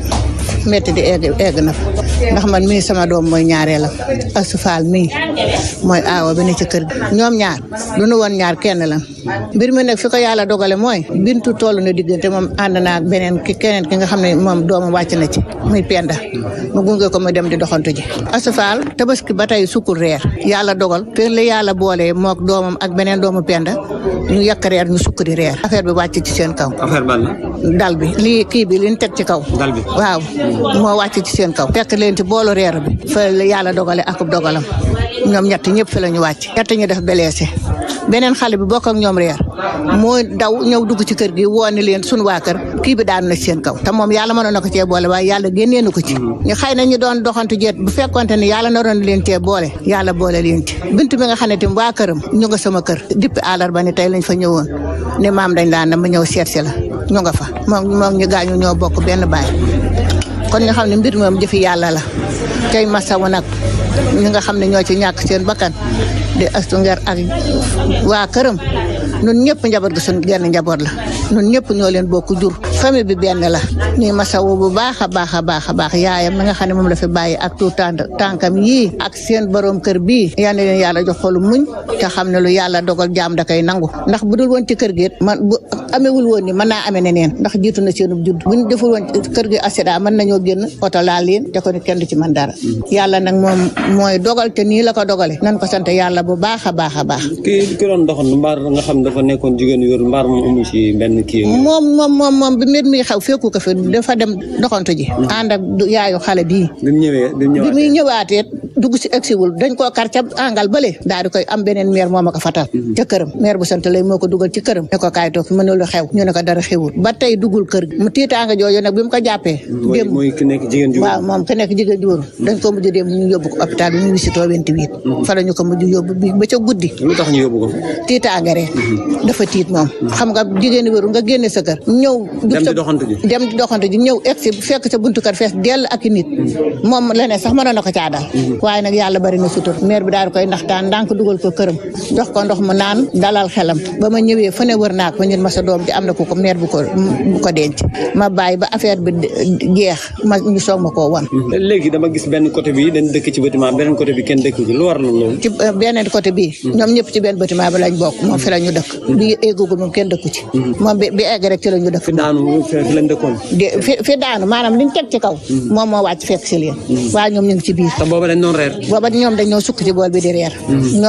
métti di egg egg na fa ndax man mii sama doom mooy ñaareelam asufaal mii mooy aawa bi ne ci kër gi ñoom ñaar du nu woon ñaar kenn lan mbir mi nekk fi ko yàlla dogale mooy bintu toll na diggante moom ànd naa ak beneen ki keneen ki nga xam ne moom doomu wàcc na ci muy penda mu gunge ko mu dem di doxantu ji asufaal tabaski ba tey sukkul reer yàlla dogal te li yàlla boole mook doomam ak beneen doomu penda ñu yàq reer ñu sukk di reer affaire bi wàcc ci seen kaw teg ci kaw moo wàcc ci seen kaw fekk leen ci boolu reer bi fa yàlla dogale akub dogalam ñoom ñett ñëpp fa la ñu wàcc ñett ñu def blessé beneen xale bi bokk ak ñoom reer moo daw ñëw dugg ci kër gi woone leen sunu waa kër kii bi daanu na ci seen kaw te moom yàlla mënoon na ko cee boole waaye yàlla génnee na ko ci ñu xëy na ñu doon doxantu jeet bu fekkonte ne yàlla naroon leen cee boole yàlla boole leen ci bint bi nga xam ne tam waa këram ñu nga sama kër dippi àllarba ni tey lañ fa ñëwoon ne maam dañ daan na ma ñëw seet si la ñu nga fa moom moom ñu gaañu bokk benn baay kon ñu xam ne mbir moom jëfi yàlla la tey masawu nag ñu nga xam ne ñoo ci ñàkk seen bakkan di astu ngeer ak waa këram ñun ñëpp njaboot gi suñu genn njaboot la ñun ñëpp ñoo leen bokk jur. famille bi benn la ni masawu bu baax a baax a baax a baax yaayam mi nga xam ne moom la fi bàyyi ak tout tànkam yi ak seen borom kër bi yal na leen yàlla jox xolu muñ te xam ne lu yàlla dogal jaam da koy nangu ndax bu dul woon ci kër gi man bu amewul woon ni mën naa amee neneen ndax jiitu na seenub judd buñ deful woon kër gi asida mën nañoo génn oto laal leen te ko ni kenn du ci man dara yàlla nag moom mooy dogal te nii la ko dogale nan ko sant yàlla bu baax a baax a baax ki ki doon doxoon mbaar nga xam dafa nekkoon jigéen wér mbaar moom mbir mi xew fekku ko fi dafa dem doxantu ji. Mm. ànd ak yaayu xale bii. bi muy ñëwaatee dugg si egsiwul dañ koo kar ca àngal bale daal di koy am beneen meer moom a ko fatal mm-hmm. ca këram maire bu sant lay moo ko dugal ca këram ne ko kaay toog mën lu xew ñu ne ko dara xewul ba tey dugul kër gi mu tiitaanga jooju nag bi mu ko jàppee mm, démb waaw moom ki nekk jigéen juróom mm-hmm. dañ ko mujj démb ñu yóbbu ko hôpital bi ñu wisitoo vingt-huit mm-hmm. fa la ñu ko mujj yóbbu bi ba ca guddi lu tax ñu yóbbu ko tiitaanga rek dafa tiit moom xam nga jigéen wéru nga génne sa kër ñëw dem di doxantu ñëw egg fekk sa buntu kër fees ak nit moom la sax mënoon na ko caa mhm. waaye nag yàlla bari sutur maire bi daal koy ndaxtaan ndànk dugal ko këram jox ko ndox mu naan dalal xelam ba ma ñëwee fa ne wër naa ko ñun doom di am na ko ko maire bu ko denc ma bàyyi ba affaire bi jeex ma ñu soog ma koo wan mhm. léegi dama gis benn côté bi dañ dëkk ci bâtiment beneen côté bi euh, mhm. ñoom ñëpp ci benn bâtiment bi lañ bokk moom fi la ñu dëkk bi eggagul moom kenn dëkku ci moom bi egg rek ci la fi lañ dëkkoon. fi daanu maanaam liñ teg ci kaw. Mm. moom moo wàcc fekk si leen. Mm. waaye ñoom ñu ci biir. booba dañ doon reer. booba ñoom dañ ñoo sukk ci bool bi di reer. Mm-hmm.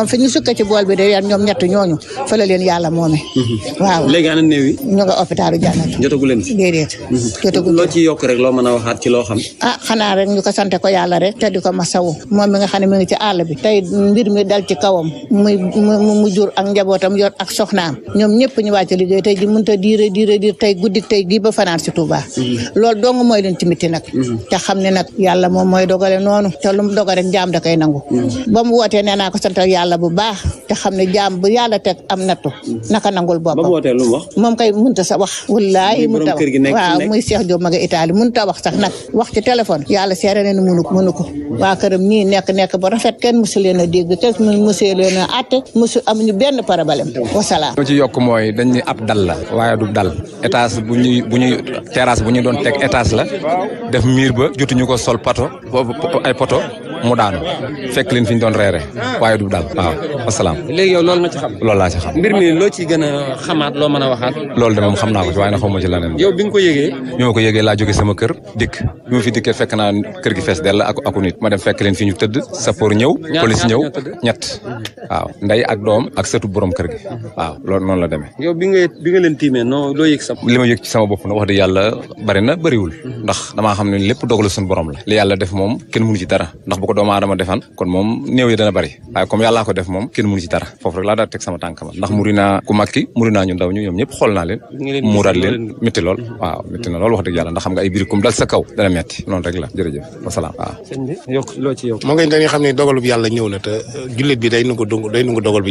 ñoom ñett ñooñu fa la leen yàlla moome. Mm-hmm. waaw léegi ana néew yi. ñu nga hôpitalu jànnat. jotagu leen si déedéet. Mm-hmm. jotagu leen loo ciy yokk rek loo mën a waxaat ci loo xam. ah xanaa rek ñu ko guddik tey gii ba fanaan si Touba mhm. loolu dong mooy leen ci mitti nag mhm. te xam ne nag yàlla moom mooy dogale noonu te lu mu dogal rek jaam da koy nangu mhm. ba mu wootee nee naa ko sant yàlla bu baax te xam ne jaam bu yàlla teg am nattu a nangul boppam moom kay mënut a sa wax wallaahi mënut a wax waaw muy Cheikh Diop ma nga Italie mënut a wax sax nag wax ci téléphone yàlla seere na ne ko mënu ko waa këram ñii nekk nekk ba rafet kenn mosu leen a dégg kenn mosu leen a atte mosu ñu benn problème wasalaam ci yokk mooy dañ ne ab dal la waaye du dal étage ñuy bu ñuy terrasse bu ñu doon teg étage la def miir ba jotuñu ko sol pato ay poto mu daan fekk leen fi ñu doon reere waaye du daal waaw asalaam. loolu nga ci xam. laa ci xam. mbir mi loo ciy gën a xamaat loo mën a waxaat. loolu de moom xam naa ko ci waaye nag xaw ma la leneen. yow bi ko yëgee. ko yëgee laa jóge sama kër dikk bi fi dikkee fekk naa kër gi fees dell ak aku nit ma dem fekk leen fi ñu tëdd sappoor ñëw. police ñëw ñett waaw ndey ak doom ak sëtu borom kër gi waaw loolu noonu la demee. yow bi nga bi leen tiimee noo loo yëg sa bopp. li ma yëg ci sama bopp nag wax dëgg yàlla bari na bariwul ndax damaa xam ne lépp dogalu suñu borom la li yàlla def moom kenn mënu ci dara ndax bu ko doomu aadama defan kon moom néew yi dana bari waaye comme yàllaa ko def moom kenn mënu ci dara foofu rek laa daal teg sama tànk ma ndax muri ku mag ki ñu ndaw ñu ñoom ñëpp leen muuraat leen métti lool waaw métti na lool wax dëgg yàlla ndax xam nga ay biir kum dal sa kaw dana la jërëjëf wasalaam waaw moo ngañ dañuy xam ne dogalub yàlla ñëw na te euh, jullit bi day nungu dung day nungu dogal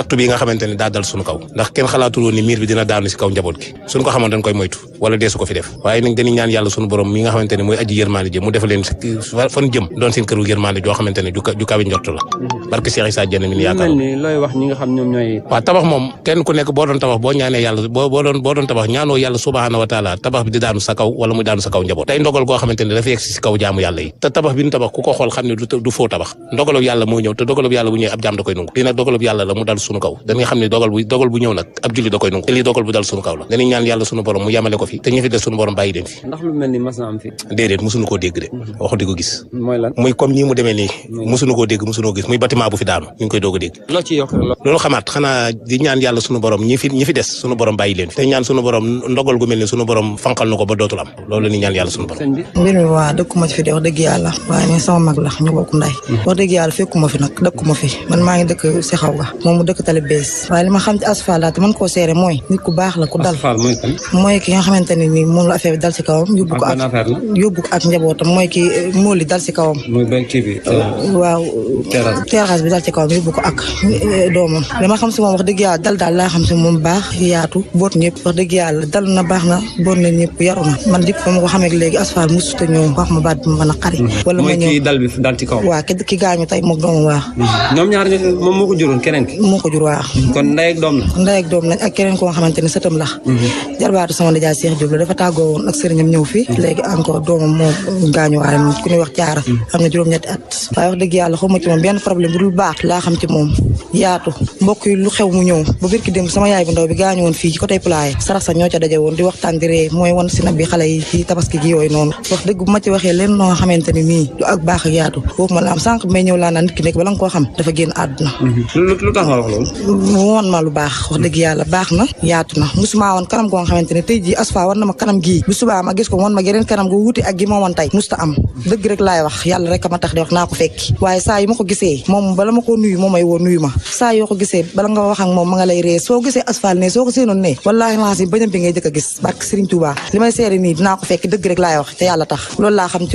nattu bi nga xamante ne dal suñu kaw ndax kenn xalaatu woon ni miir bi dina daanu si kaw njaboot gi suñu ko xamoon dañ koy moytu wala deesu ko fi def waaye nag dañuy ñaan yàlla sunu borom mi nga xamante ne mooy aji yërmaande mu def leen fan doon seen këru yërmaande joo ne ju kawe njort kenn ku nekk boo doon tabax boo ñaanee yàlla boo boo doon boo doon tabax ñaanoo yàlla subhaanahu wa taala tabax bi daanu sa kaw wala mu daanu sa kaw njaboot tey ndogal goo xamante ne si kaw jaamu yàlla yi te tabax bi ñu tabax da koy nungu lii kaw dañuy xam ne dogal bu ñëw nag ab julli da bu dal sunu kaw la ñaan yàlla sunu borom mu yamale ko fi te ñu fi des suñu borom bàyyi leen fi. ndax lu mel ni mas dégg de. Mhm. wax di ko gis. muy comme nii mu demee nii. mosuñu koo dégg mosuñu koo gis muy bâtiment fi daanu ñu koy doog a dégg. loolu xamaat xanaa di ñaan yàlla suñu borom ñi des suñu borom bàyyi leen fi te ñaan suñu borom ndogal gu mel ni suñu borom fanqal na ko ba dootul loolu la ñuy ñaan yàlla suñu borom. mbir mi waa dëkkuma ci fi de wax dëgg yàlla waaye mais sama mag la ñu bokk ndey mhm. wax dëgg yàlla fekkuma fi nag dëkkuma xamante nii moom la affaire bi dal si kawam. yóbbu ko ak yóbbu mooy euh, kii mool dal si kawam. bi euh, waaw terrasse bi dal si kawam yóbbu ko ak euh, doomam. dama xam si moom wax dëgg yàlla dal daal laa xam si moom baax yaatu boot ñëpp wax dëgg na baax na boot na ñëpp yaru na ko xamee léegi asfaal mosut a ñëw wax ma baat bi ma a xari. Mhm. wala ma ñëw mooy kii dal bi dal si kawam. waaw ki gaañu tey moom doomam waaw. Mhm. ñoom ñaar moom moo ko juróon keneen ki. moo ko jur waaw. Mhm. kon ndey ak doom la. ndey doom lañ keneen koo xamante ne sëtam la. jarbaatu sama nijaay si Cheikh Diop la dafa tàggoo woon ak sëriñam ñëw fi léegi encore doomam moom gaañuwaayam ku ñuy wax jaara am na juróom-ñetti at waaye wax dëgg yàlla xaw ma ci moom benn problème bu dul baax laa xam ci moom yaatu mbokk yi lu xew mu ñëw ba birki démb sama yaay bu ndaw bi gaañu woon fii ci côté Playe sarax ñoo ca woon di waxtaan di ree mooy wan si nag bi yooyu noonu wax dëgg bu ma ci waxee leen noo xamante ni nii lu ak baax ak yaatu foofu ma la am sànq may ñëw laa naa nit ki nekk bala nga xam dafa génn àdduna mm-hmm. lu tax nga wax loolu woon ma lu baax wax dëgg yàlla baax na yaatu na musuma woon kanam koo xamante ne tey ji Moustapha war na ma kanam gii bu subaa ma gis ko woon ma geneen kanam gu gi ma woon tey musta am dëgg rek ma tax di a ko fekki dëgg rek laay wax te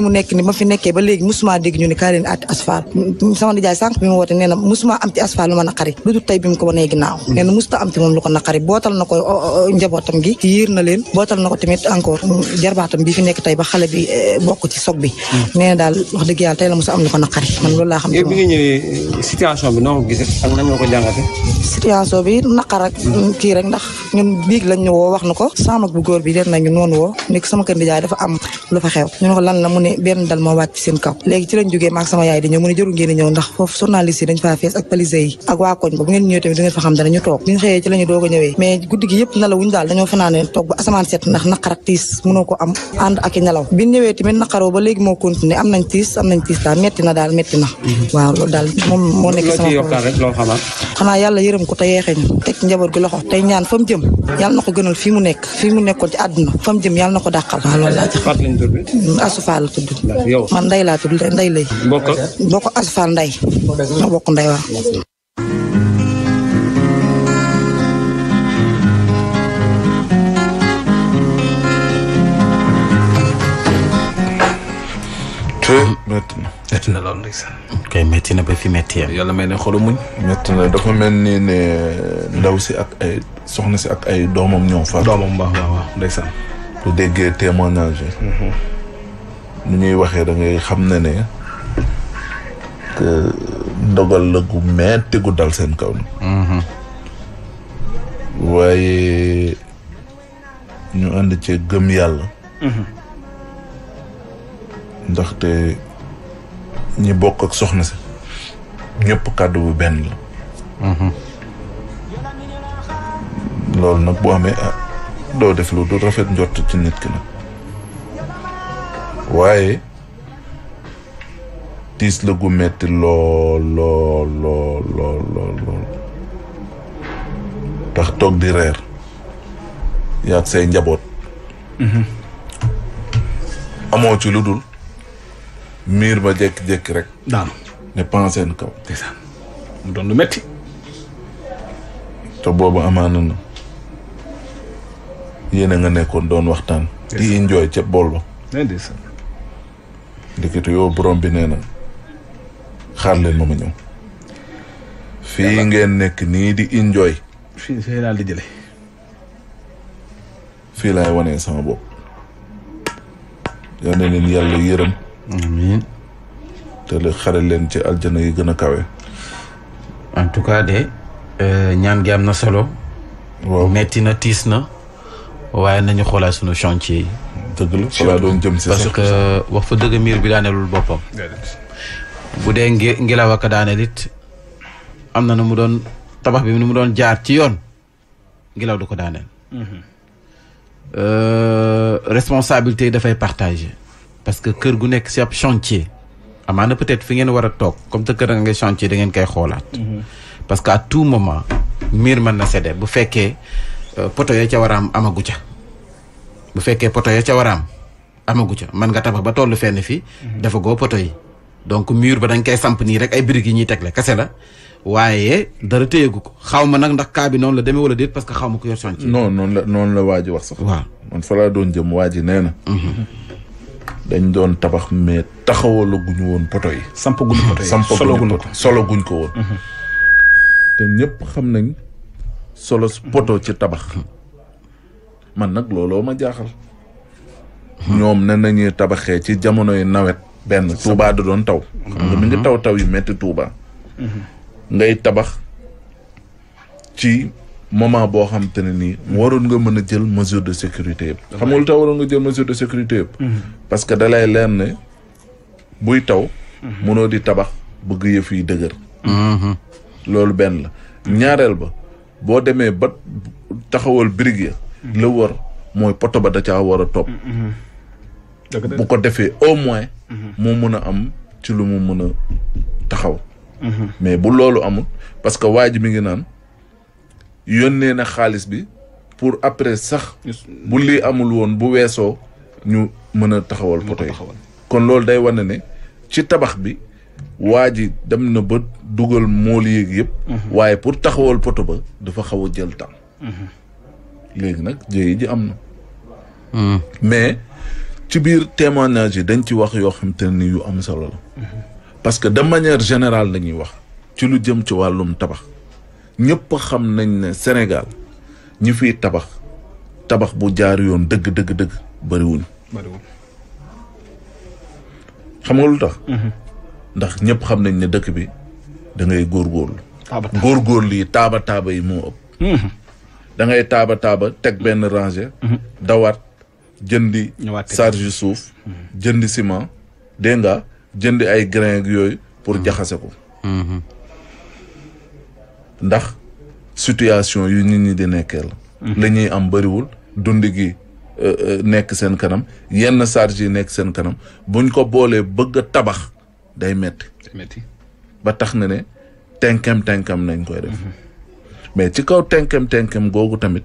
mhm. ni ma fi nekkee ba léegi musuma dégg ma woote nee na musuma am ci asfal lu ma ko wanee ginnaaw mm. nee na musta am ci moom lu ko naqari bootal na ko oh, oh, oh, njabootam gi yiir na leen bootal na ko tamit encore jarbaatam bi fi nekk tey ba xale bi eh, bokk ci sog mm. na daal wax ko naqari man bi nga ñëwee eh, situation bi noo ko gisee bi naqar ak mm. kii rek ndax ñun biig lañ woo wax na ko sama mag bu góor bi leen nañu noonu woo nekk sama kër nijaay am lu fa xew ñu ne ko lan la mu ne benn dal moo wàcc seen kaw léegi ci lañ jógee maag sama yaay di ñëw mu ne jëru ngeen ñëw ndax foofu journaliste yi dañ faa fees ak police ak dinañ fa xam danañu toog bi ñu xëyee ci la ñu a ñëwee mais guddi gi yëpp nelawuñu daal dañoo fanaane toog ba asamaan set ndax naqar tiis mënoo ko am ànd ak i nelaw bi ñëwee tamit naqaroo ba léegi moo continué am nañ tiis am nañ tiis daal metti mhm. daal moom moo nekk sama xanaa yàlla yërëm ko te mu jëm yàlla na ko gënal fii mu nekk fii mu nekkoon ci àdduna fa mu jëm yàlla na ko dàqal waaw loolu laa mm, la tudd man nday laa tudd nday lay bokk asufaa nday ma bokk nday métti na métti na loolu ndeysaan. kay métti na ba fi métti yam yàlla may ne xolu muñ. métti na dafa mel ni ne ndaw si ak ay soxna si ak ay doomam ñoom faatu. doomam baax waaw waaw ndeysaan. bu déggee témoignage yi. Mhm. nu ñuy waxee da ngay xam ne ne que ndogal la gu metti gu dal seen kaw na. Mhm. waaye ñu ànd ci gëm yàlla. Mhm. ndaxte ñi bokk ak soxna si ñëpp kàddu bu benn la. Mhm. loolu nag boo amee ah doo def lu dul rafet njort ci nit ki nag waaye tiis la gu metti lool lool lool lool tax toog di reer yaag say njaboot. Mhm. amoo ci lu dul. miir ba jékki-jékki rek. daanu ne pensé na kaw. ndeysaan mu doon lu metti te boobu amaana na yéen nga nekkoon doon waxtaan. di enjoy ca bool ba. Eh, ndeysaan. ndekete yow borom bi nee na xaar leen ma ma ñëw. fii ngeen nekk nii di enjoy. fii fii daal di jële fii laay wanee sama yàlla yërëm. amiin. te le xare leen ci aljana gën a kawe. en tout cas de euh, ñaan gi am na solo. metti na tiis na waaye nañu xoolaat sunu chantier yi. dëgg la si parce que wax fa dëgg miir bi daaneelul boppam. bu dee nge ngelaw ak daaneel it am na nu mu doon tabax bi nu mu doon jaar ci yoon ngelaw du ko daaneel. Mhm. Euh, responsabilité yi dafay partage parce que kër gu nekk si ab chantier amaana peut-être fi ngeen war a toog comme te kër a nga chantier da ngeen koy xoolaat. Mhm. parce que à tout moment miir man na sedde bu fekkee euh, poto ya ca waraam am amagu ca bu fekkee poto ya ca war a am amagu ca nga tabax ba tollu fenn fii. Mhm. dafa goo poto yi. donc mur ba dañ koy samp nii rek ay briques yi ñuy tegle kese la waaye dara téyegu ko xaw ma nag ndax kaa noonu la demee wala déet parce que xaw ma ko yor chantier. non noonu la noonu la waa ji wax sax. waaw man fa dañ doon tabax mais taxawalaguñu woon poto yi. sampaguñu poto yi <laughs> sologuñu ko sologuñ ko woon. te ñëpp xam nañ solo poto ci tabax man nag looloo ma jaaxal. ñoom ne nañuy tabaxee ci jamonoy nawet. benn Touba da doon taw. xam nga mi ngi mhm. taw taw yu metti Touba. Mhm. ngay tabax ci moment boo xam te ne nii waroon nga mën a jël mesure de sécurité yëpp xam nga lu tax waroon nga jël mesure de sécurité yëpp mhm. parce que dalay leer ne buy taw mhm. mënoo di tabax bëgg yëf yi mhm. loolu benn ñaareel ba boo demee ba taxawal brique ya la war mooy poto ba da caa war a topp bu ko defee au moins moo mën a am ci lu mu mën a taxaw mais bu loolu amul parce que waa ji mi ngi naan yónnee na xaalis bi pour après sax. bu lii amul woon bu weesoo ñu mën a taxawal poto yi kon loolu day wane ne ci tabax bi waa ji dem na ba dugal mool yéeg yëpp. Mhm. waaye pour taxawal poto ba dafa xaw a jël temps. Mhm. léegi nag jëye ji am na. Hmm. mais ci biir témoignage yi dañ ci wax yoo xam te ni yu am solo la. Mhm. parce que de manière générale la wax ci lu jëm ci wàllum tabax. ñëpp xam nañ ne Sénégal ñi fiy tabax tabax bu jaar yoon dëgg dëgg dëgg bëriwuñ nga lu tax mhm. ndax ñëpp xam nañ ne dëkk bi dangay góor ngay góor góorgóorlu yi taaba taaba yi moo ëpp mhm. da ngay taaba taaba teg benn rangé mhm. dawaat jëndi charge suuf jëndi ciment dégg nga jëndi ay grain yooyu pour jaxase ko ndax situation yu nit ñi di nekkee la mhm. la am bëriwul dund gi euh, euh, nekk seen kanam yenn charge yi nekk seen kanam buñ ko boolee bëgg a tabax day metti metti ba tax na ne tenkem tenkem nañ koy def mhm. mais ci kaw tenkem tenkem googu tamit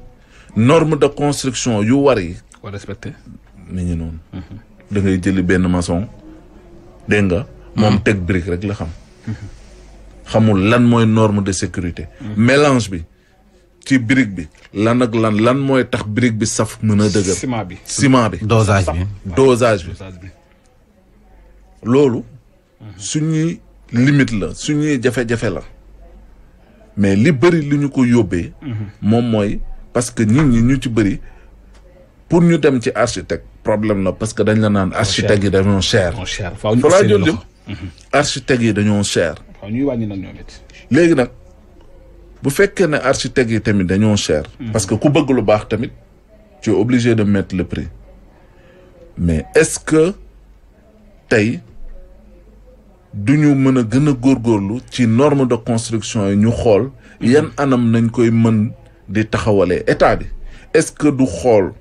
norme de construction yu war yi ko respecté mi mhm. da ngay jëli benn maçon dégg nga moom teg brique rek la xam xamul lan mooy norme de sécurité. mélange bi ci brique bi lan ak lan lan mooy tax brique bi saf mën a dëgër. ciment bi ciment bi. dosage bi dosage bi. loolu. suñuy limite la suñuy jafe-jafe la mais li bëri li ñu ko yóbbee. moom mooy parce que nit ñi ñu ci bëri pour ñu dem ci architecte problème la parce que dañ la naan. architecte yi dañoo cher. cher faaw ñu architecte yi dañoo cher. waaw wàññi nag léegi nag bu fekkee ne architecte yi tamit dañoo cher. Mm-hmm. parce que ku bëgg lu baax tamit ci es obligé de mettre le prix mais est-ce que tey duñu mën a gën a góorgóorlu ci norme de construction yi ñu xool mm-hmm. yan anam nañ koy mën di taxawalee état bi est-ce que du xool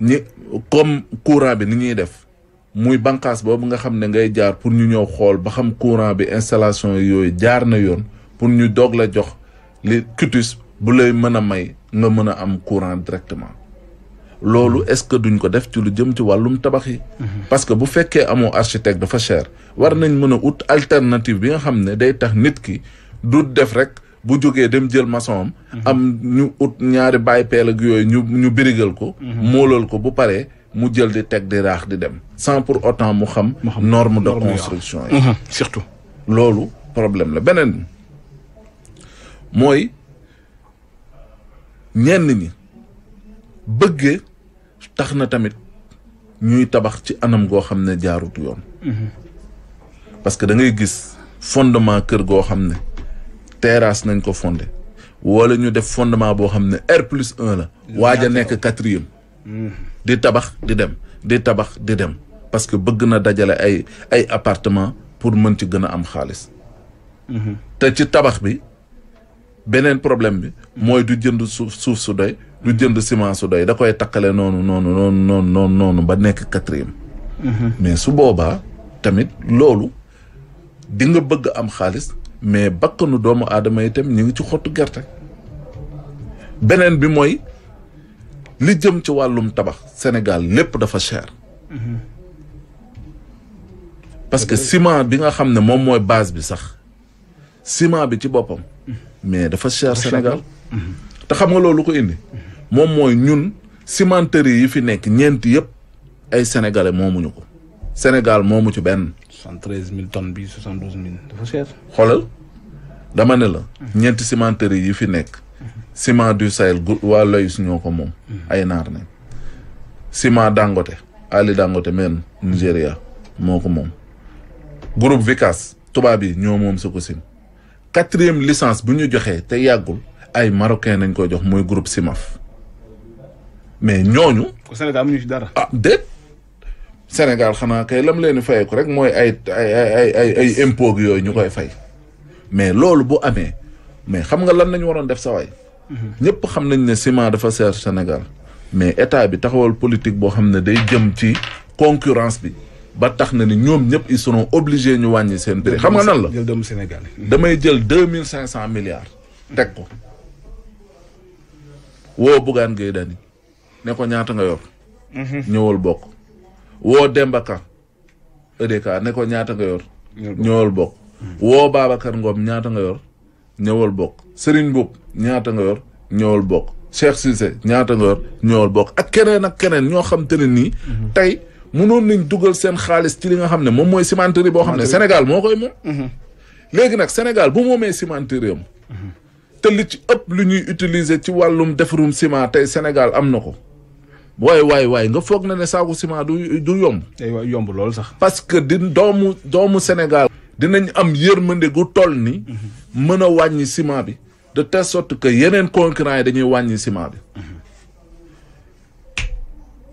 ñi comme courant bi ni ñuy def. muy banqaas boobu nga xam ne ngay jaar pour ñu ñëw xool ba xam courant bi installation yooyu jaar na yoon pour ñu doog la jox li cutuse bu lay mën a may nga mën a am courant directement loolu est-ce que duñ ko def ci lu jëm ci wàllum tabax yi mhm. parce que bu fekkee amoo architecte dafa cher war nañ mën a ut alternative bi nga xam ne day tax nit ki du def rek bu jógee dem jël maçon am mhm. ñu ut ñaari bàyyi peel ak yooyu ñu ñu birigal ko moolal mhm. ko bu pare mu jël di teg di raax di dem sans pour autant mu xam norme de construction yi mhm, surtout loolu problème la beneen mooy ñenn ñi bëggee tax na tamit ñuy tabax ci anam goo xam ne jaarut yoon mhm. parce que da ngay gis fondement kër goo xam ne terrasse nañ ko fonde wala ñu def fondement boo xam ne R plus un la waaj a nekk quatrième mhm. di tabax di dem di tabax di dem parce que bëgg na dajale ay ay appartement pour mën ci gën a am xaalis mhm. te ci tabax bi beneen problème bi mooy du jënd suuf suuf su doy du mhm. jënd ciment su doy da koy takkale noonu noonu noonu noonu noonu ba nekk quatrième mhm. mais su boobaa tamit loolu di nga bëgg am xaalis mais bakkanu doomu aadama itam ñu ngi ci xottu gerte beneen bi mooy li jëm ci wàllum tabax Sénégal lépp dafa cher. parce que ciment bi nga xam ne moom mooy base bi sax ciment bi ci boppam. mais dafa cher Sénégal. Mhm. te xam nga loolu ko indi. moom mooy ñun cimenterie yi fi nekk ñeenti yëpp ay sénégalais moomuñu ko. moo mu ci benn. soixante mille tonnes bi soixante douze mille dafa xoolal dama ne la. ñeenti cimenterie yi fi nekk. ciment du Sahel waa Loyus ñoo ko moom mm-hmm. ay naar ne ciment Dangote Ali Dangote men Nigéria moo ko moom groupe Vicas tubaab yi ñoo moom Sococim quatrième licence bu ñu joxee te yàggul ay marocain nañ ko jox muy groupe Cimaf mais ñooñu. Sénégal amuñu ci dara. ah déet Sénégal xanaa kay lam leen fayee ko rek mooy ay ay ay ay ay impôt yooyu ñu koy fay mais loolu bu amee mais xam nga lan nañu waroon def sa ñëpp xam nañ ne ciment dafa seer Sénégal mais état bi taxawal politique boo xam ne day jëm ci concurrence bi ba tax na ni ñoom ñëpp ils seront ñu wàññi seen prix xam nga nan la jël damay jël deux mille cinq cent milliards teg ko woo Bougane Gueye Dany ne ko ñaata nga yor mhm. ñëwal bokk woo dembaka Ka EDK ne ko ñaata nga yor ñëwal bokk woo Babacar ngoom ñaata nga yor ñëwal bokk Serigne Mboup ñaata nga yor ñëwal bokk Cheikh Cissé ñaata nga yor ñëwal bokk ak keneen ak keneen ñoo xam te ne nii. Mhm. tey mënoon nañ dugal seen xaalis ci li nga xam ne moom mooy cimenterie boo xam ne Sénégal moo koy moom. Mhm. léegi nag Sénégal bu moomee cimenterie am. Mhm. te li ci ëpp lu ñuy utiliser ci wàllum defarum ciment tey Sénégal am na ko. waaye waaye waaye nga foog na ne saaku ciment du du yomb. aywa yomb loolu sax. parce que di doomu doomu Sénégal. dinañ am yërmande gu toll ni mën a wàññi ciment bi de telle sort que yeneen concurrent yi dañuy wàññi ciment bi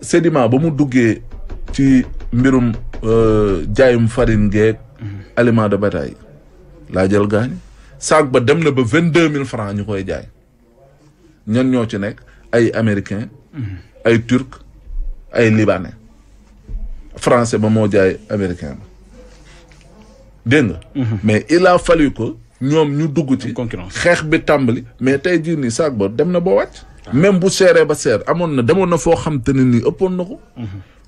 sédiment ba mu duggee ci mbirum euh, jaayum farine geeg aliment de batay laa jël gaañ saag ba dem na ba vingt deux mille francs ñu koy jaay ñan ñoo ci nekk ay américain ay turc ay libanais français ba moo jaay américain ba dégg mhm. mais il a ñoom ñu dugg ci xeex bi tàmbali mais tey jii nii saag ba dem na boo wàcc même bu seeree ba seer amoon na demoon na foo xam te ne nii ëppoon na ko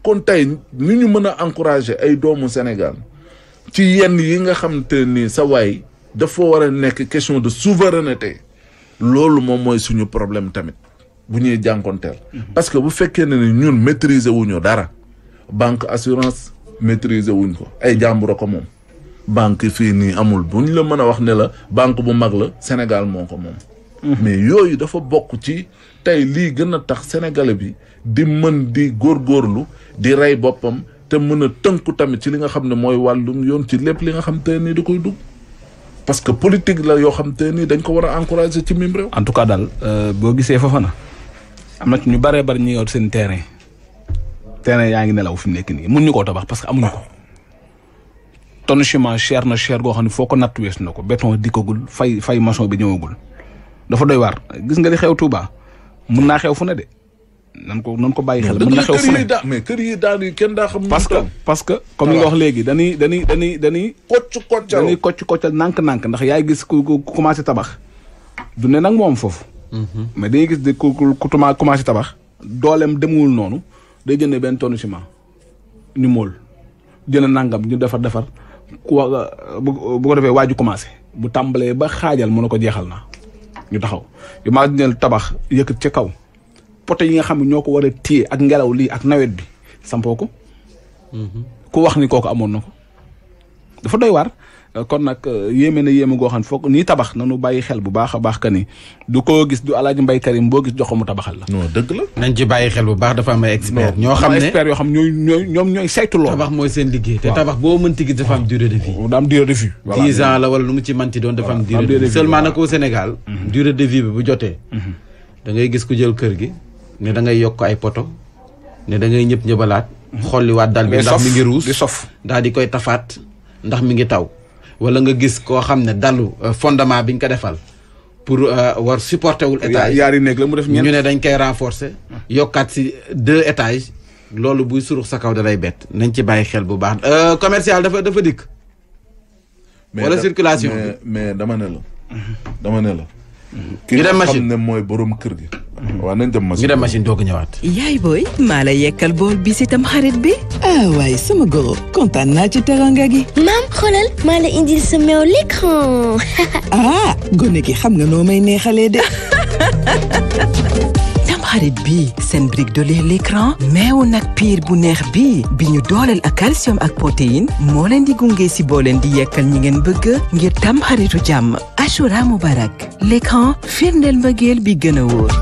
kon tey ni ñu mën a encourager ay doomu Sénégal ci yenn yi nga xam te nii sa waay dafa war a nekk question de souveraineté loolu moom mooy suñu problème tamit bu ñuy jànkonteel mhm. parce que bu fekkee ne ni ñun maîtriser wuñu dara banque assurance maîtriser wuñ ko ay jàmbur ko moom banque fii nii amul bu ñu la mën a wax ne la banque bu mag la Sénégal moo ko moom. Mhm. mais yooyu dafa bokk ci tey lii gën a tax sénégalais bi di mën di góorgóorlu di rey boppam te mën a tënku tamit ci li nga xam ne mooy wàllum yoon ci lépp li nga xam te nii da koy dugg. parce que politique la yoo xam te nii dañ ko war a encourager ci mim réew. en tout cas dal euh, boo gisee Fofana am na ñu baree bari ñu ngi seen terrain terrain yaa ngi nelaw fi mu nekk nii mun ñu koo tabax parce que amuñu ko. tonne ciment cher na cher goo xam ne foo ko natt wees na ko béton dikkagul fay fay maçon bi ñëwagul dafa doy waar gis nga li xew Touba mun naa xew fu ne de nan ko nan ko bàyyi xel mën na xew fu ne mais kër yi daan yi kenn daa xam parce que parce que comme wax léegi dañuy dañuy dañuy dañuy kocc koccal dañuy kocc koccal nànk-nànk ndax yaay gis ku commencé tabax du ne nag moom foofu mhm. mais dañuy gis de ku ku commencé tabax dooleem demul noonu day jënd benn tonne ciment ñu mool jën jënd nangam ñu defar defar bu ko defee waaju commencé bu tàmbalee ba xaajal mu ne ko jeexal na ñu taxaw yu maa nel tabax yëkkat ca kaw poto yi nga xam ne ñoo ko war a ak ngelaw lii ak nawet bi sampoo ko mhm. ku wax ni kooku amoon na ko dafa doy waar Euh, kon nag euh, yéeme na yéeme goo xam foog nii tabax nanu bàyyi xel bu baax a baax ka ni du koo gis du alaaji mbay karim boo gis jox ko mu tabaxal la non dëgg la nañ ci bàyyi xel bu baax dafa am ay expert ñoo xam ne expert yoo xam ñooy ñooy ñoom ñooy saytu loolu tabax mooy seen liggéey te tabax boo mënti gis dafa am durée de vie da am durée de vie la wala nu mu ci manti doon dafa am durée de vie seulement nag au Sénégal mhm. vie bu jotee mhm. da ngay gis ku jël kër gi ne da ngay yokk ay poto ne da ngay ñëpp ñëbalaat mhm. xolliwaat daal bi ndax mi ngi ruus di daal di koy tafaat ndax mi ngi taw wala nga gis koo xam ne dalu euh, fondement bi ñu ko defal pour euh, war supporter wul état yi yaari néeg la mu def ñu ne dañ koy renforcer yokkaat si deux étages loolu buy surux sa kaw da lay nañ ci bàyyi xel bu baax euh, commercial dafa dafa dikk wala circulation mais dama ne la dama ne ñu dem ne mooy borom kër gi. waaw nañ dem machine ñu dem machine doog yaay booy maa la yekkal bool bi si tam xarit bi. ah waaye sama goro kontaan naa ci teranga gi. maam xoolal maa la indil sa meew l'écran. <laughs> ah gone gi xam nga noo may neexalee de. <laughs> xarit bi seen brique de lait l'écran meewu nag piir bu neex bi bi ñu dooleel ak calcium ak protéine moo leen di gunge si boo leen di yekkal ñi ngeen bëgg ngir tam xaritu jàmm Ashura Mubarak l'écran firndeel mbëggeel bi gën a wóor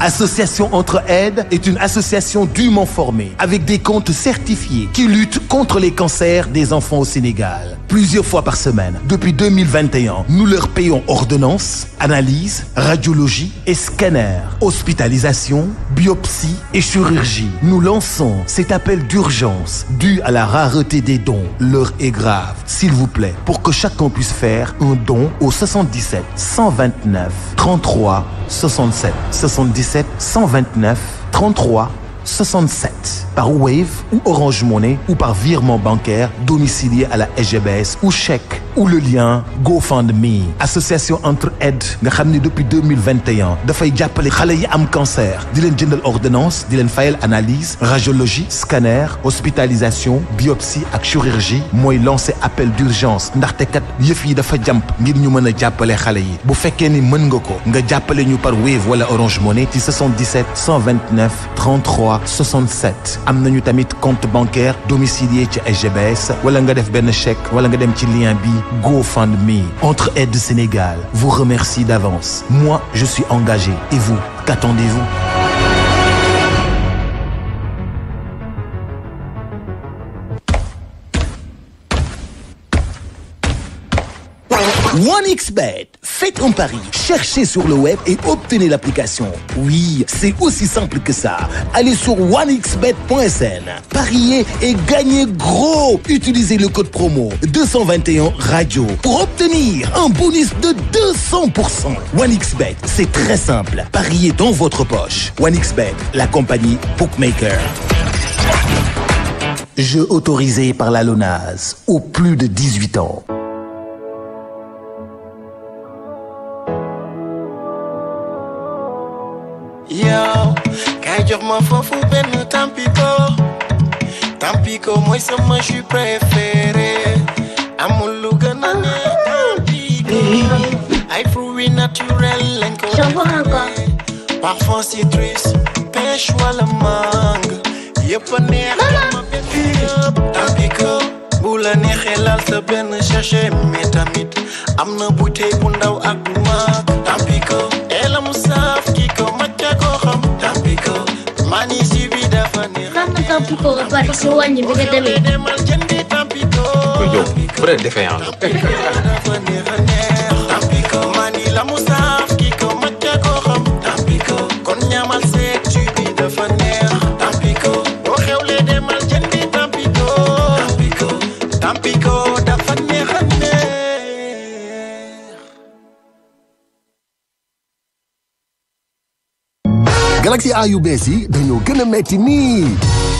Association Entre Aides est une association dûment formée avec des comptes certifiés qui lutte contre les cancers des enfants au Sénégal plusieurs fois par semaine. Depuis 2021, nous leur payons ordonnance, analyse, radiologie et scanner, hospitalisation, biopsie et chirurgie. Nous lançons cet appel d'urgence dû à la rareté des dons. L'heure est grave. S'il vous plaît, pour que chacun puisse faire un don au 77 129 33 67 77 129 33 67. par Wave ou Orange Money ou par virement bancaire domicilié à la SGBS ou check ou le lien GoFundMe association entre aide nga xam ni depuis 2021 dafay jàppale xale yi am cancer di leen jëndal ordonnance di leen fayal analyse radiologie scanner hospitalisation biopsie ak chirurgie mooy lancer appel d'urgence ndaxte kat yëf yi dafa jàmp ngir ñu mën a jàppale xale yi bu fekkee ni mën nga ko nga jàppale ñu par Wave wala Orange Money ci 77 129 33 67 am nañu tamit compte bancaire domicilié ci SGBS wala nga def benn chèque wala nga dem ci lien bi GoFundMe entre Aide Sénégal vous remercie d'avance moi je suis engagé et vous qu'attendez-vous OneXBet. Faites un pari, cherchez sur le web et obtenez l'application. Oui, c'est aussi simple que ça. Allez sur onexbet.sn, pariez et gagnez gros. Utilisez le code promo 221 radio pour obtenir un bonus de 200%. OneXBet, c'est très simple. Pariez dans votre poche. OneXBet, la compagnie bookmaker. Jeu autorisé par la LONAS aux plus de 18 ans. yow kay jox ma foofu benn tampiko tampiko mooy sama jus préféré amul lu gën a ne tampiko ay fruits naturels lañ ko parfum citrus wala mangue yëpp a neex ma benn tampiko bu la neexee laal sa benn sachet mais am na bouteille bu ndaw ak tampiko tampiko nga pare si wàññi bi nga demee. kon yow vrai défaillant la. Galaxy A yu bees yi dañoo gën a metti nii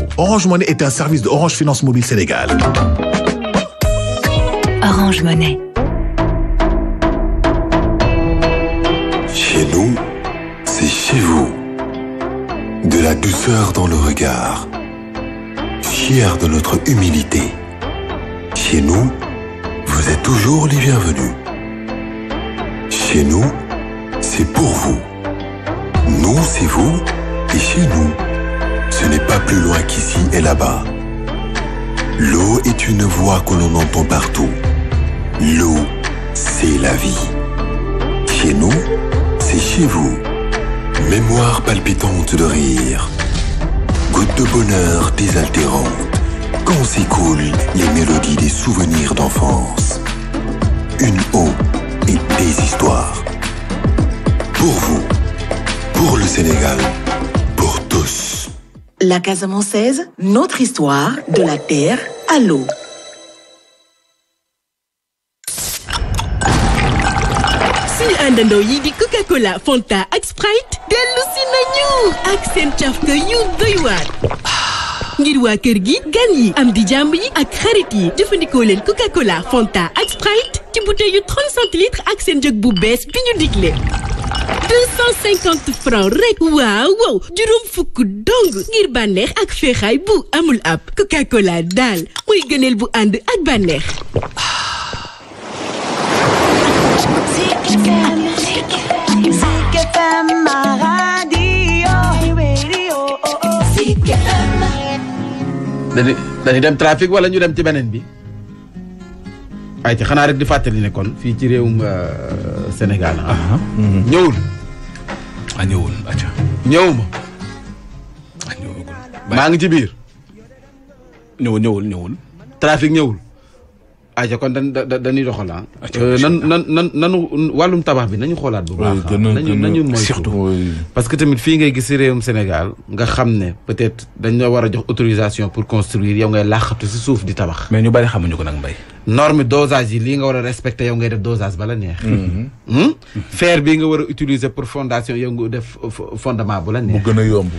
mots. Orange Monnaie est un service de Finance Mobile Sénégal. Orange Monnaie. Chez nous, c'est chez vous. De la douceur dans le regard. Fier de notre humilité. Chez nous, vous êtes toujours les bienvenus. Chez nous, c'est pour vous. Nous, c'est vous. Et chez nous, Ce n'est pas plus loin qu'ici et là-bas. L'eau est une voix que l'on entend partout. L'eau, c'est la vie. Chez nous, c'est chez vous. Mémoire palpitante de rire. Goutte de bonheur désaltérante. Quand s'écoulent les mélodies des souvenirs d'enfance. Une eau et des histoires. Pour vous, pour le Sénégal, pour tous. La Casamanceaise, notre histoire de la terre à l'eau. suñu àndandoo di Coca-Cola Fanta ak Sprite dellu si nañu ak seen cafka yu doy waar ngir waa kër gi gan yi am di jàmb yi ak xarit yi jëfandikoo leen Coca-Cola Fanta ak Sprite ci bouteille yu 30 centilitres ak bu bees 250 waaw waaw juróom fukk dong ngir bànneex ak feexaay bu amul ab Coca-Cola daal muy gëneel bu ànd ak bànneex. dañuy dem wala ñu dem ci beneen bi. ay ci xanaa rek di fàttali ne kon fii ci réewum euh, Sénégal ah. Mhm. ñëwul. ah ñëwul acca. ñëwuma. Ah, maa ngi ci biir. ñëwul ñëwul ñëwul. ñëwul. aja kon dañ da dañuy doxal ah. Euh, nanu wàllum tabax bi nañu xoolaat bu baax. Ah. nañu nañu moytu parce que tamit fii ngay gis si réewum Sénégal nga xam ne peut-être dañ la war a jox autorisation pour construire yow ngay laaxatu si suuf di tabax. mais ñu bari xamuñu ko nag mbay. norme dosage yi lii nga war a respecté yow ngay def dosage bala neex. Mm-hmm. <laughs> Hmm? fer bi nga war a utiliser pour fondation yow nga def fondement bu la neex. bu a yomb.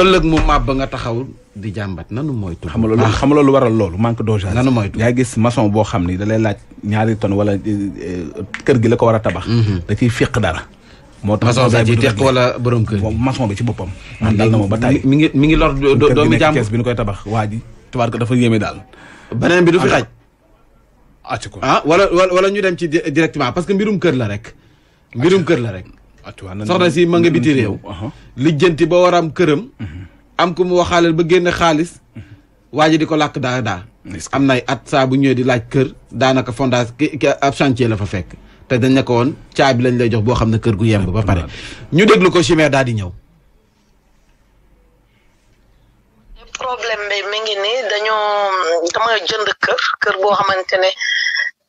ëllëg mu màbb nga taxawul. di jàmbat nanu moytu. xam nga xam nga lu waral loolu manque d'osage. nanu moytu yaa gis maçon boo xam ni da lay laaj ñaari tonnes wala eh, eh, kër gi la ko war a tabax. Mhm. da ciy féq dara. moo tax maçon bi ci teq wala borom kër gi maçon bi ci boppam. man ah, dal na ma ba tey mi ngi mi ngi lor doomi jàmbur kees bi ñu koy tabax waa dafa yéeme daal. beneen bi du fi ah, xaj. ko ah, ah wala wala ñu dem ci directement parce que mbirum kër la rek. mbirum kër la rek. soxna si ma nga biti réew. lijjanti ba waram këram mhm. am ku mu waxaaleel ba génne xaalis waa ji di ko làkk daa daa am nay at saa bu ñëwee di laaj kër daanaka fondage ki ab chantier la fa fekk te dañ ne ko woon caabi lañ lay jox boo xam ne kër gu yemb ba pare ñu déglu ko chimère daal di ñëw problème bi mi ngi ni dañoo dama jënd kër kër boo xamante ne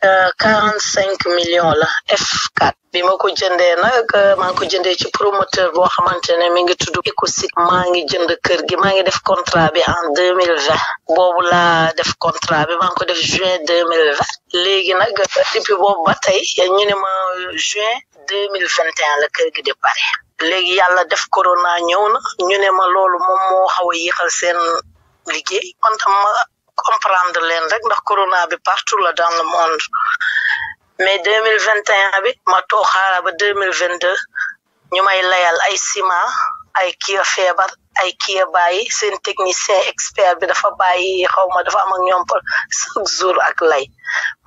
Euh, quarante cinq millions la F4 bi ma ko jëndee nag euh, maa ngi ko jëndee ci promoteur boo xamante ne mi ngi tudd Ecosic maa ngi jënd kër gi maa ngi def contrat bi en deux mille vingt boobu laa def contrat bi maa ngi ko def juin deux mille vingt léegi nag depuis boobu ba tey ñu ne ma euh, juin deux mille vingt et la kër gi di pare léegi yàlla def corona ñëw na ñu ne ma loolu moom moo xaw yéexal seen comprendre leen rek ndax corona bi partout la dans le monde mais deux mille vingt et un bi ma toog ba deux mille vingt deux ñu may layal ay ciment ay kii a feebar ay kii baay bàyyi seen technicien expert bi dafa bàyyi xawma ma dafa am ak ñoom pour chaque jour ak lay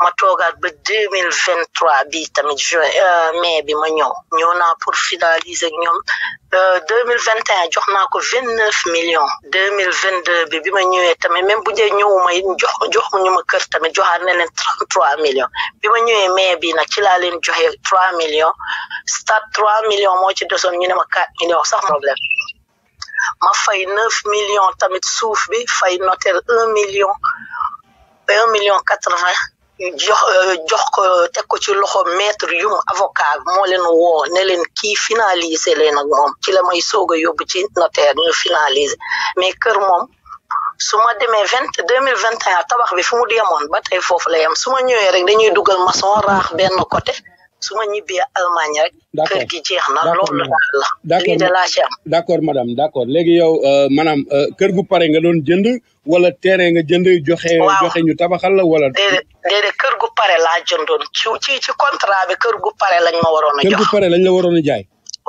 ma toogaat ba deux mille vingt trois bi tamit juin euh, mais bi ma ñëw ñëw naa pour finaliser ak ñoom euh, deux mille vingt et jox naa ko vingt neuf deux mille vingt deux bi bi ma ñëwee tamit même bu dee ñëwuma jox jox ñu ma kër tamit joxaat ne leen trente trois millions bi ma ñëwee mais bi nag ci laa leen joxe trois millions stade trois millions moo ci desoon ñu ne ma quatre millions sax problème ma fay neuf million tamit suuf bi fay notaire un million un million quatre vingt jox euh, jox ko teg ko ci loxo maître yum avocat moo leen woo ne leen kii finaliser leen ak moom ci la may soog a yóbbu ci notaire ñu finaliser mais kër moom su ma demee vingt deux mille vingt et un tabax bi fu mu yemoon ba tey foofu la yem su ma ñëwee rek dañuy dugal maçon raax benn côté su ma ñibbee Allemagne rek. kër gi jeex na loolu la. d' accord lii de laa ci am. d' accord madame d' accord léegi yow euh, maanaam euh, kër gu pare nga doon jënd wala terrain nga ñu tabaxal la wala. déedéet déedéet kër gu pare laa jëndoon ci ci ci contrat bi kër gu pare lañ ma waroon a jox. kër gu pare lañ la waroon a jaay.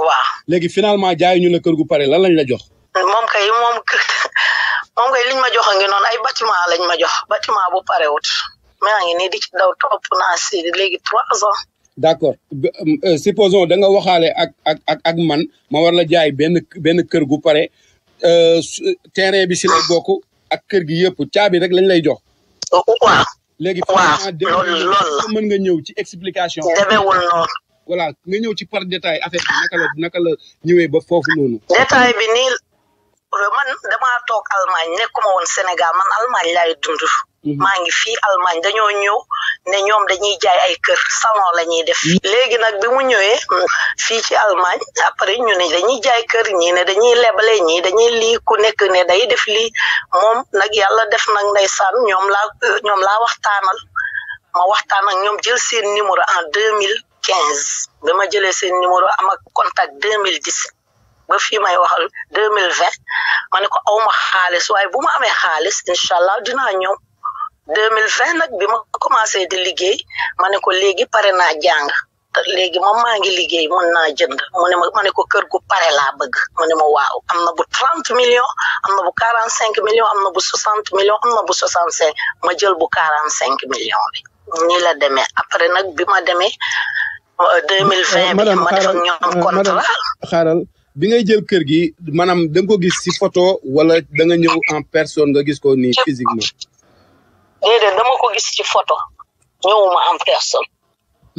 waaw léegi finalement jaay ñu la kër gu pare lañ la jox. moom kay moom kër <laughs> moom kay liñ ma jox a ngi noonu ay bâtiment lañ ma jox bâtiment bu wut maa ngi nii di daw topp naa si léegi trois ans. d' accord euh, euh, supposons da nga waxaale ak ak ak ak man ma war la jaay benn benn kër gu pare euh, terrain bi si bokk ak kër gi yëpp caabi rek lañ lay jox. waaw. Oh, léegi loolu loolu mën nga ñëw ci explication. demeewul noonu. nga ñëw ci par detay affaire bi naka la naka la ñëwee ba foofu noonu. bi nii man damaa toog Allemagne nekkuma woon Sénégal man Allemagne laay dund. Mhm. maa ngi fii Allemagne dañoo ñëw ne ñoom dañuy jaay ay kër salon la ñuy def. Mhm. léegi nag bi mu ñëwee mm, fii ci Allemagne après ñu ne dañuy jaay kër ñii ne dañuy lebale ñii dañuy lii ku nekk ne day def lii moom nag yàlla def nag ndeysaan ñoom la ñoom laa waxtaanal ma waxtaan ak ñoom jël seen numéro en deux mille quinze. ba ma jëlee seen numéro am ak contact deux mille dix ba fii may waxal deux mille vingt ma ne ko aw ma xaalis waaye bu ma amee xaalis incha allah dinaa ñëw deux mille vingt nag bi ma commencé di liggéey ma ne ko léegi pare naa jàng léegi moom maa ngi liggéey mën naa jënd mu ma ma ne ko kër gu pare laa bëgg mu ne ma waaw am na bu trente millions am na bu quarante cinq millions am na bu soixante millions am na bu soixante cinq ma jël bu quarante cinq millions bi la demee après nag bi ma demee euh, deux mille vingt bi ngay jël kër gi maanaam da nga ko gis ci photo wala da nga ñëw en personne nga gis ko nii i déedéet dama ko gis ci photo ñëwuma en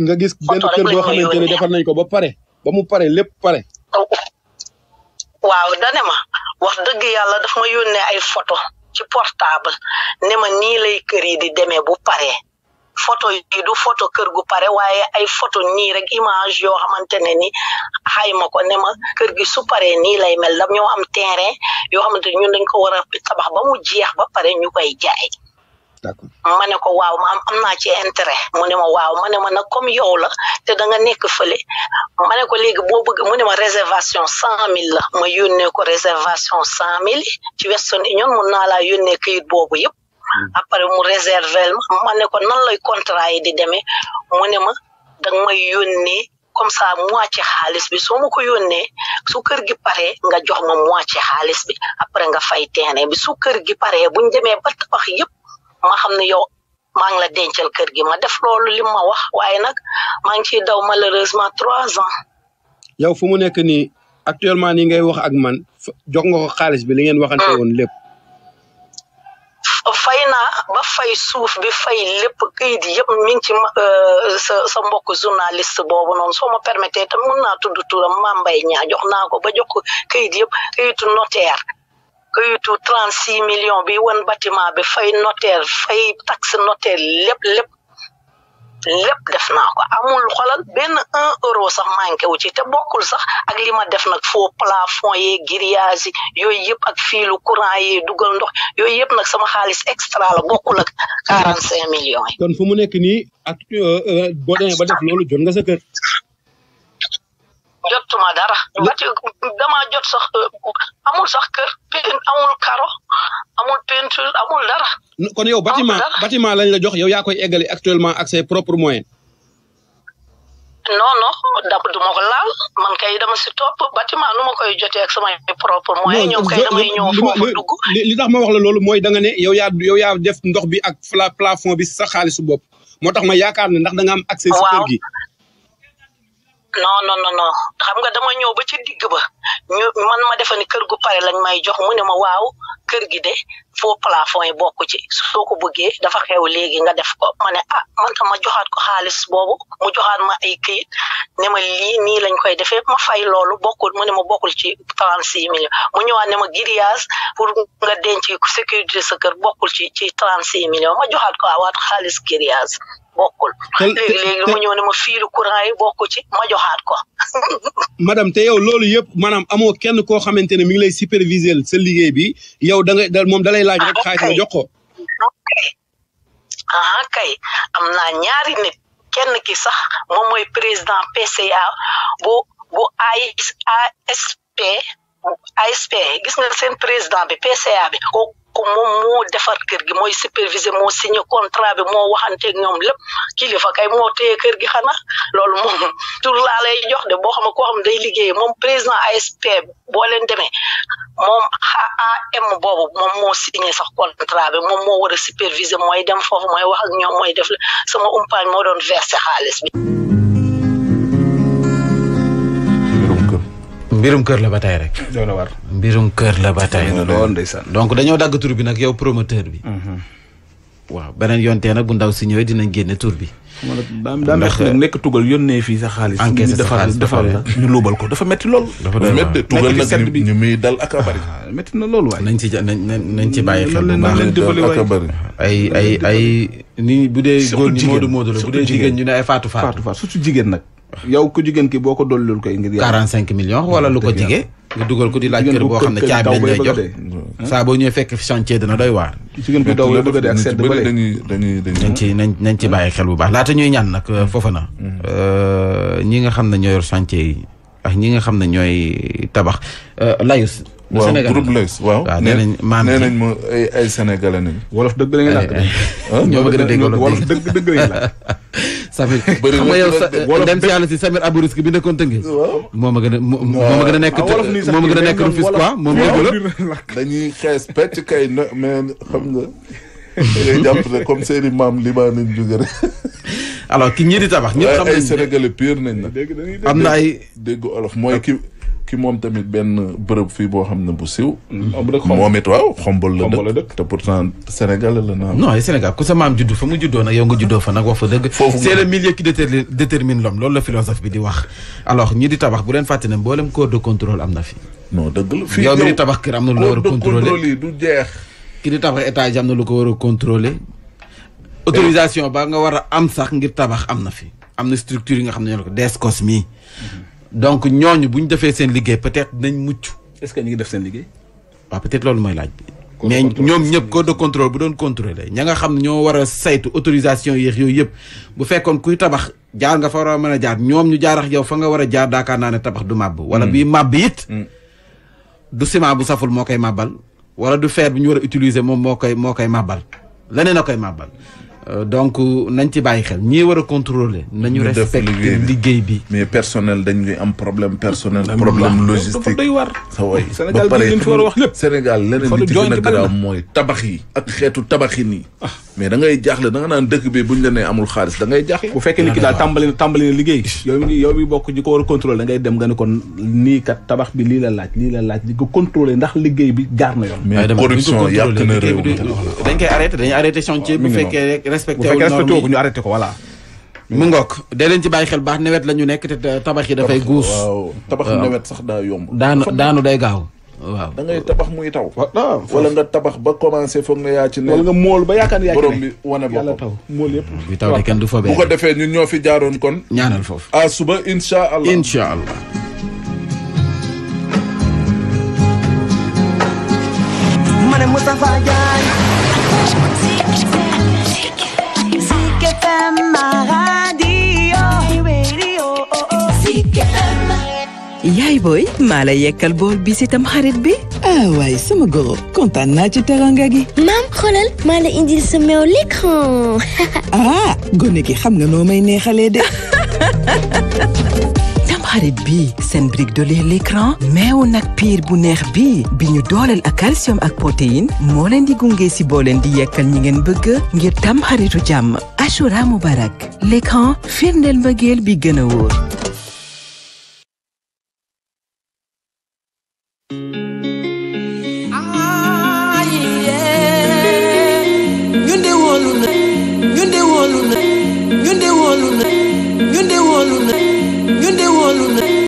nga gis benn kër boo xamante ne defar nañ ko ba pare ba mu pare lépp pare. waaw dane wax dëgg yàlla daf ma yónnee ay photo ci portable ne ma nii lay kër di demee bu paree. photo yi du photo kër gu pare waaye ay photo nii rek image yoo xamante ne ni xayma ko ne ma kër gi su paree nii lay mel dam ñoo am terrain yoo xamante ne ñun dañ ko war a tabax ba mu jeex ba pare ñu koy jaay ma ne ko waaw ma am am naa ci intérêt mu ne ma waaw ma ne ma nag comme yow la te da nga nekk fële ma ne ko léegi boo bëgg mu ne ma réservation cent mille la ma yónnee ko réservation cent mille ci Western Union mun naa laa yónnee këyit boobu yëpp après mu réserver ma ma ne ko nan lay contrat yi di demee mu ne ma danga may yónnee comme ça moitié xaalis bi soo ma ko yónnee su kër gi pare nga jox ma moitié xaalis bi après nga fay terrain bi su kër gi pare buñ demee ba tabax yëpp ma xam ne yow maa ngi la dencal kër gi ma def loolu li ma wax waaye nag maa ngi ciy daw malheureusement trois ans. yow fu mu nekk nii actuellement nii ngay wax ak man jox nga ko xaalis bi li ngeen waxante hmm. woon fay naa ba fay suuf bi fay lépp kayit yëpp mi ngi ci euh, sa sa mbokk journaliste boobu noonu soo ma permettre tam mën naa tudd turam Mame Mbaye Niang jox naa ko ba jox ko kayit yëpp kayitu notaire kayitu trente six millions bi wan bâtiment bi fay notaire fay taxe notaire lépp lépp lépp def naa ko amul xolal benn un euro sax manqué wu ci te bokkul sax ak li ma def nag faux plafond yee grillage yi yooyu yëpp ak fiilu courant yee dugal ndox yooyu yëpp nag sama xaalis extra la bokkul ak quarante cinq millions yi. kon fu mu nekk nii ak euh, euh, ba def loolu jot nga sa jotuma dara. damaa jot sax euh, amul sax kër amul karo amul peinture amul dara. kon yo bâtiment bâtiment lañ la jox yow yaa koy eggali actuellement ak ses propres moyens. non non da du ma laal man kay dama si topp bâtiment nu ma koy jotee ak samay propres moyens. ñoom kay damay ñëw foofu dugg. li tax ma wax la loolu mooy da nga ne yow yaa yow yaa def ndox bi ak plafond bi sa xaalisu bopp moo tax ma yaakaar ne ndax da am accès si gi. non non non non xam nga dama ñëw ba ci digg ba man ma defa ni kër gu pare lañ may jox mu ne ma waaw kër gi de faux plafond yi bokk ci soo ko bëggee dafa xew léegi nga def ko ma ne ah man tam ma joxaat ko xaalis boobu mu joxaat ma ay këyit ne ma lii nii lañ koy defee ma fay loolu bokkul mu ne ma bokkul ci trente six millions mu ñëwaat ne ma grillage pour nga denc sécurité sa kër bokkul ci ci trente six millions ma joxaat ko awaat xaalis bokkul. léegi léegi mu ne ma fiilu courant yi bokku ci ma joxaat ko. <laughs> madame te yow loolu yëpp maanaam amoo kenn koo xamante ne mi ngi lay superviser sa liggéey bi yow da ngay da moom da laaj rek ah, xaalis nga jox ko. Ah, kay am naa ñaari nit kenn ki sax moom mooy président PCA bu bu AIS ASP ASP gis nga seen président bi PCA bi kooku moom moo defar kër gi mooy supervisé moo signé contrat bi moo waxanteeg ñoom lépp kilifa kay moo téye kër gi xanaa loolu moom <laughs> tur laa jox de boo xam ne koo xam day liggéey moom président ASP boo leen demee moom am boobu moom moo signé sax contrat bi moom moo war a supervisé mooy dem foofu mooy wax ak ñoom mooy def le sama umpaañ moo doon versé xaalis bi mbirum kër la ba tey rek. doon na war mbirum kër la ba tey. donc dañoo dagg tur bi nag yow promoteur bi. Mhm. waaw beneen yoontee bu ndaw si ñëwee dinañ génne tur bi. ndax daa metti nag euh, fii sa xaalis. encaissé sa xaalis defal la ñu luubal ko dafa metti lool. dafa metti tugal nag ñu muy dal a ah, metti na lool waay. nañ ci nañ nañ ci bàyyi xel bu baax ay ay ay. bu dee góor ñi moodu la bu dee jigéen ñu ne ay faatu faatu. faatu faatu jigéen nag. yow ku jigéen ki boo ko dollul koy ngir yàlla. 45 millions wala lu ko jege. nga dugal ko di laaj kër boo xam ne caabi lañ lay jox saa boo ñëwee fekk chantier dina doy a dee ak sedd bële nañ ci nañ bàyyi xel bu baax laata ñuy ñaan nag uh, foofa na. Mm. Uh, ñi nga xam ne ñoo yor chantier yi ñi nga xam ne ñooy tabax uh, layus. du Sénégal waaw groupe Leuz waaw. waaw nee nañ maam nee nañ ma ay ay sénégalais nañ. wolof dëgg la ñuy làkk de. Eh, eh. Ah, ñoo ma gën a dégg wolof dëgg dëgg la ñuy làkk. <laughs> Samir <laughs> xam nga yow dem si yàlla si Samir Abourisque bi nekkoon Tëngéej. moo ma gën a moo ma gën a nekk moo ma gën a nekk ah, Rufisque quoi moom dégg la. dañuy xees pecc kay na mais xam nga. ngay jàpp ne comme seeni maam limaa nañ jóge rek. alors ki ñii di tabax. ñëpp xam nañ ay sénégalais pire nañ na. am na ay dégg olof mooy ki. ki moom tamit benn bërëb fii boo xam ne bu siw. Mm-hmm. moom it waaw xombol la dëkk te pourtant Sénégal la naa. non Sénégal ku sa maam juddu fa mu juddoo nag yow nga juddoo fa nag wax fa dëgg. foofu c'est le milieu qui détermine l'homme la philosophe bi di wax. alors ñi di tabax bu leen fàtte ne mboolem corps de contrôle am na fi. non dëgg la fii yow di tabax kër am na lu war a contrôler yi du jeex. ki di tabax étage am na lu ko war a contrôler. autorisation ba nga war a am sax ngir tabax am na fi am na structure yi nga xam ne ñoo ko DSCOS mi mm-hmm. donc ñooñu bu ñu defee seen liggéey peut-être nañ mucc. est-ce que ñu ngi def seen liggéey. waaw peut-être loolu mooy laaj bi. mais ñoom ñëpp code de contrôle bu doon contrôler ña nga xam ne ñoo war a saytu autorisation yéex yooyu yëpp bu fekkoon kuy tabax jaar nga fa war a mën a jaar ñoom ñu jaarax yow fa nga war a jaar daakaar naa ne tabax du màbb wala hmm. bii màbb it hmm. du ciment bu saful moo koy màbbal wala du fer bu ñu war a utiliser moom moo koy moo koy màbbal leneen a koy màbbal Euh, donc nañ ci bàyyi xel ñi war a contrôler nañu respecté liggéey bi mais personnel dañ ngi am problème personnel problème logistique doy war sa way ba pare fi war a a garaaw mooy tabax yi ak xeetu da ngay jaaxle da dëkk bi buñ la nee amul da ngay jaaxle bu fekkee nit ki daal tàmbali na ñi ko war a contrôler kon nii kat liggéey bi jaar na yoon mais corruption dañ koy arrêté bu fekkee rek respecté wul noonu yi ñu arrêté ko voilà. mu ci bàyyi xel baax nawet la ñu nekk te tabax yi dafay guus. waaw tabax nawet sax daa yomb. daanu daanu day gaaw. waaw da tabax muy taw. wala nga tabax ba commencé foog ci ne. wala mool ba yaakaar yaa ci ne borom taw mool yëpp. bi taw kenn du fa bu ko defee ñun ñoo fi jaaroon kon. ñaanal foofu a suba incha allah incha allah. ma CKM radio. CKM. la yekkal bool bi si tamxarit bi. ah waay sama goro kontaan naa ci teranga gi. maam xoolal maa indil sa meew l'écran. <laughs> ah gi xam nga noo may neexalee <laughs> xarit bi seen brique doli lait l'écran meewu nag piir bu neex bi bi ñu dooleel ak calcium ak protéine moo leen di gunge si boo leen di yekkal ñi ngeen bëgg ngir tam xaritu jàmm Ashura Mubarak l'écran firndeel mbëggeel bi gën a wóor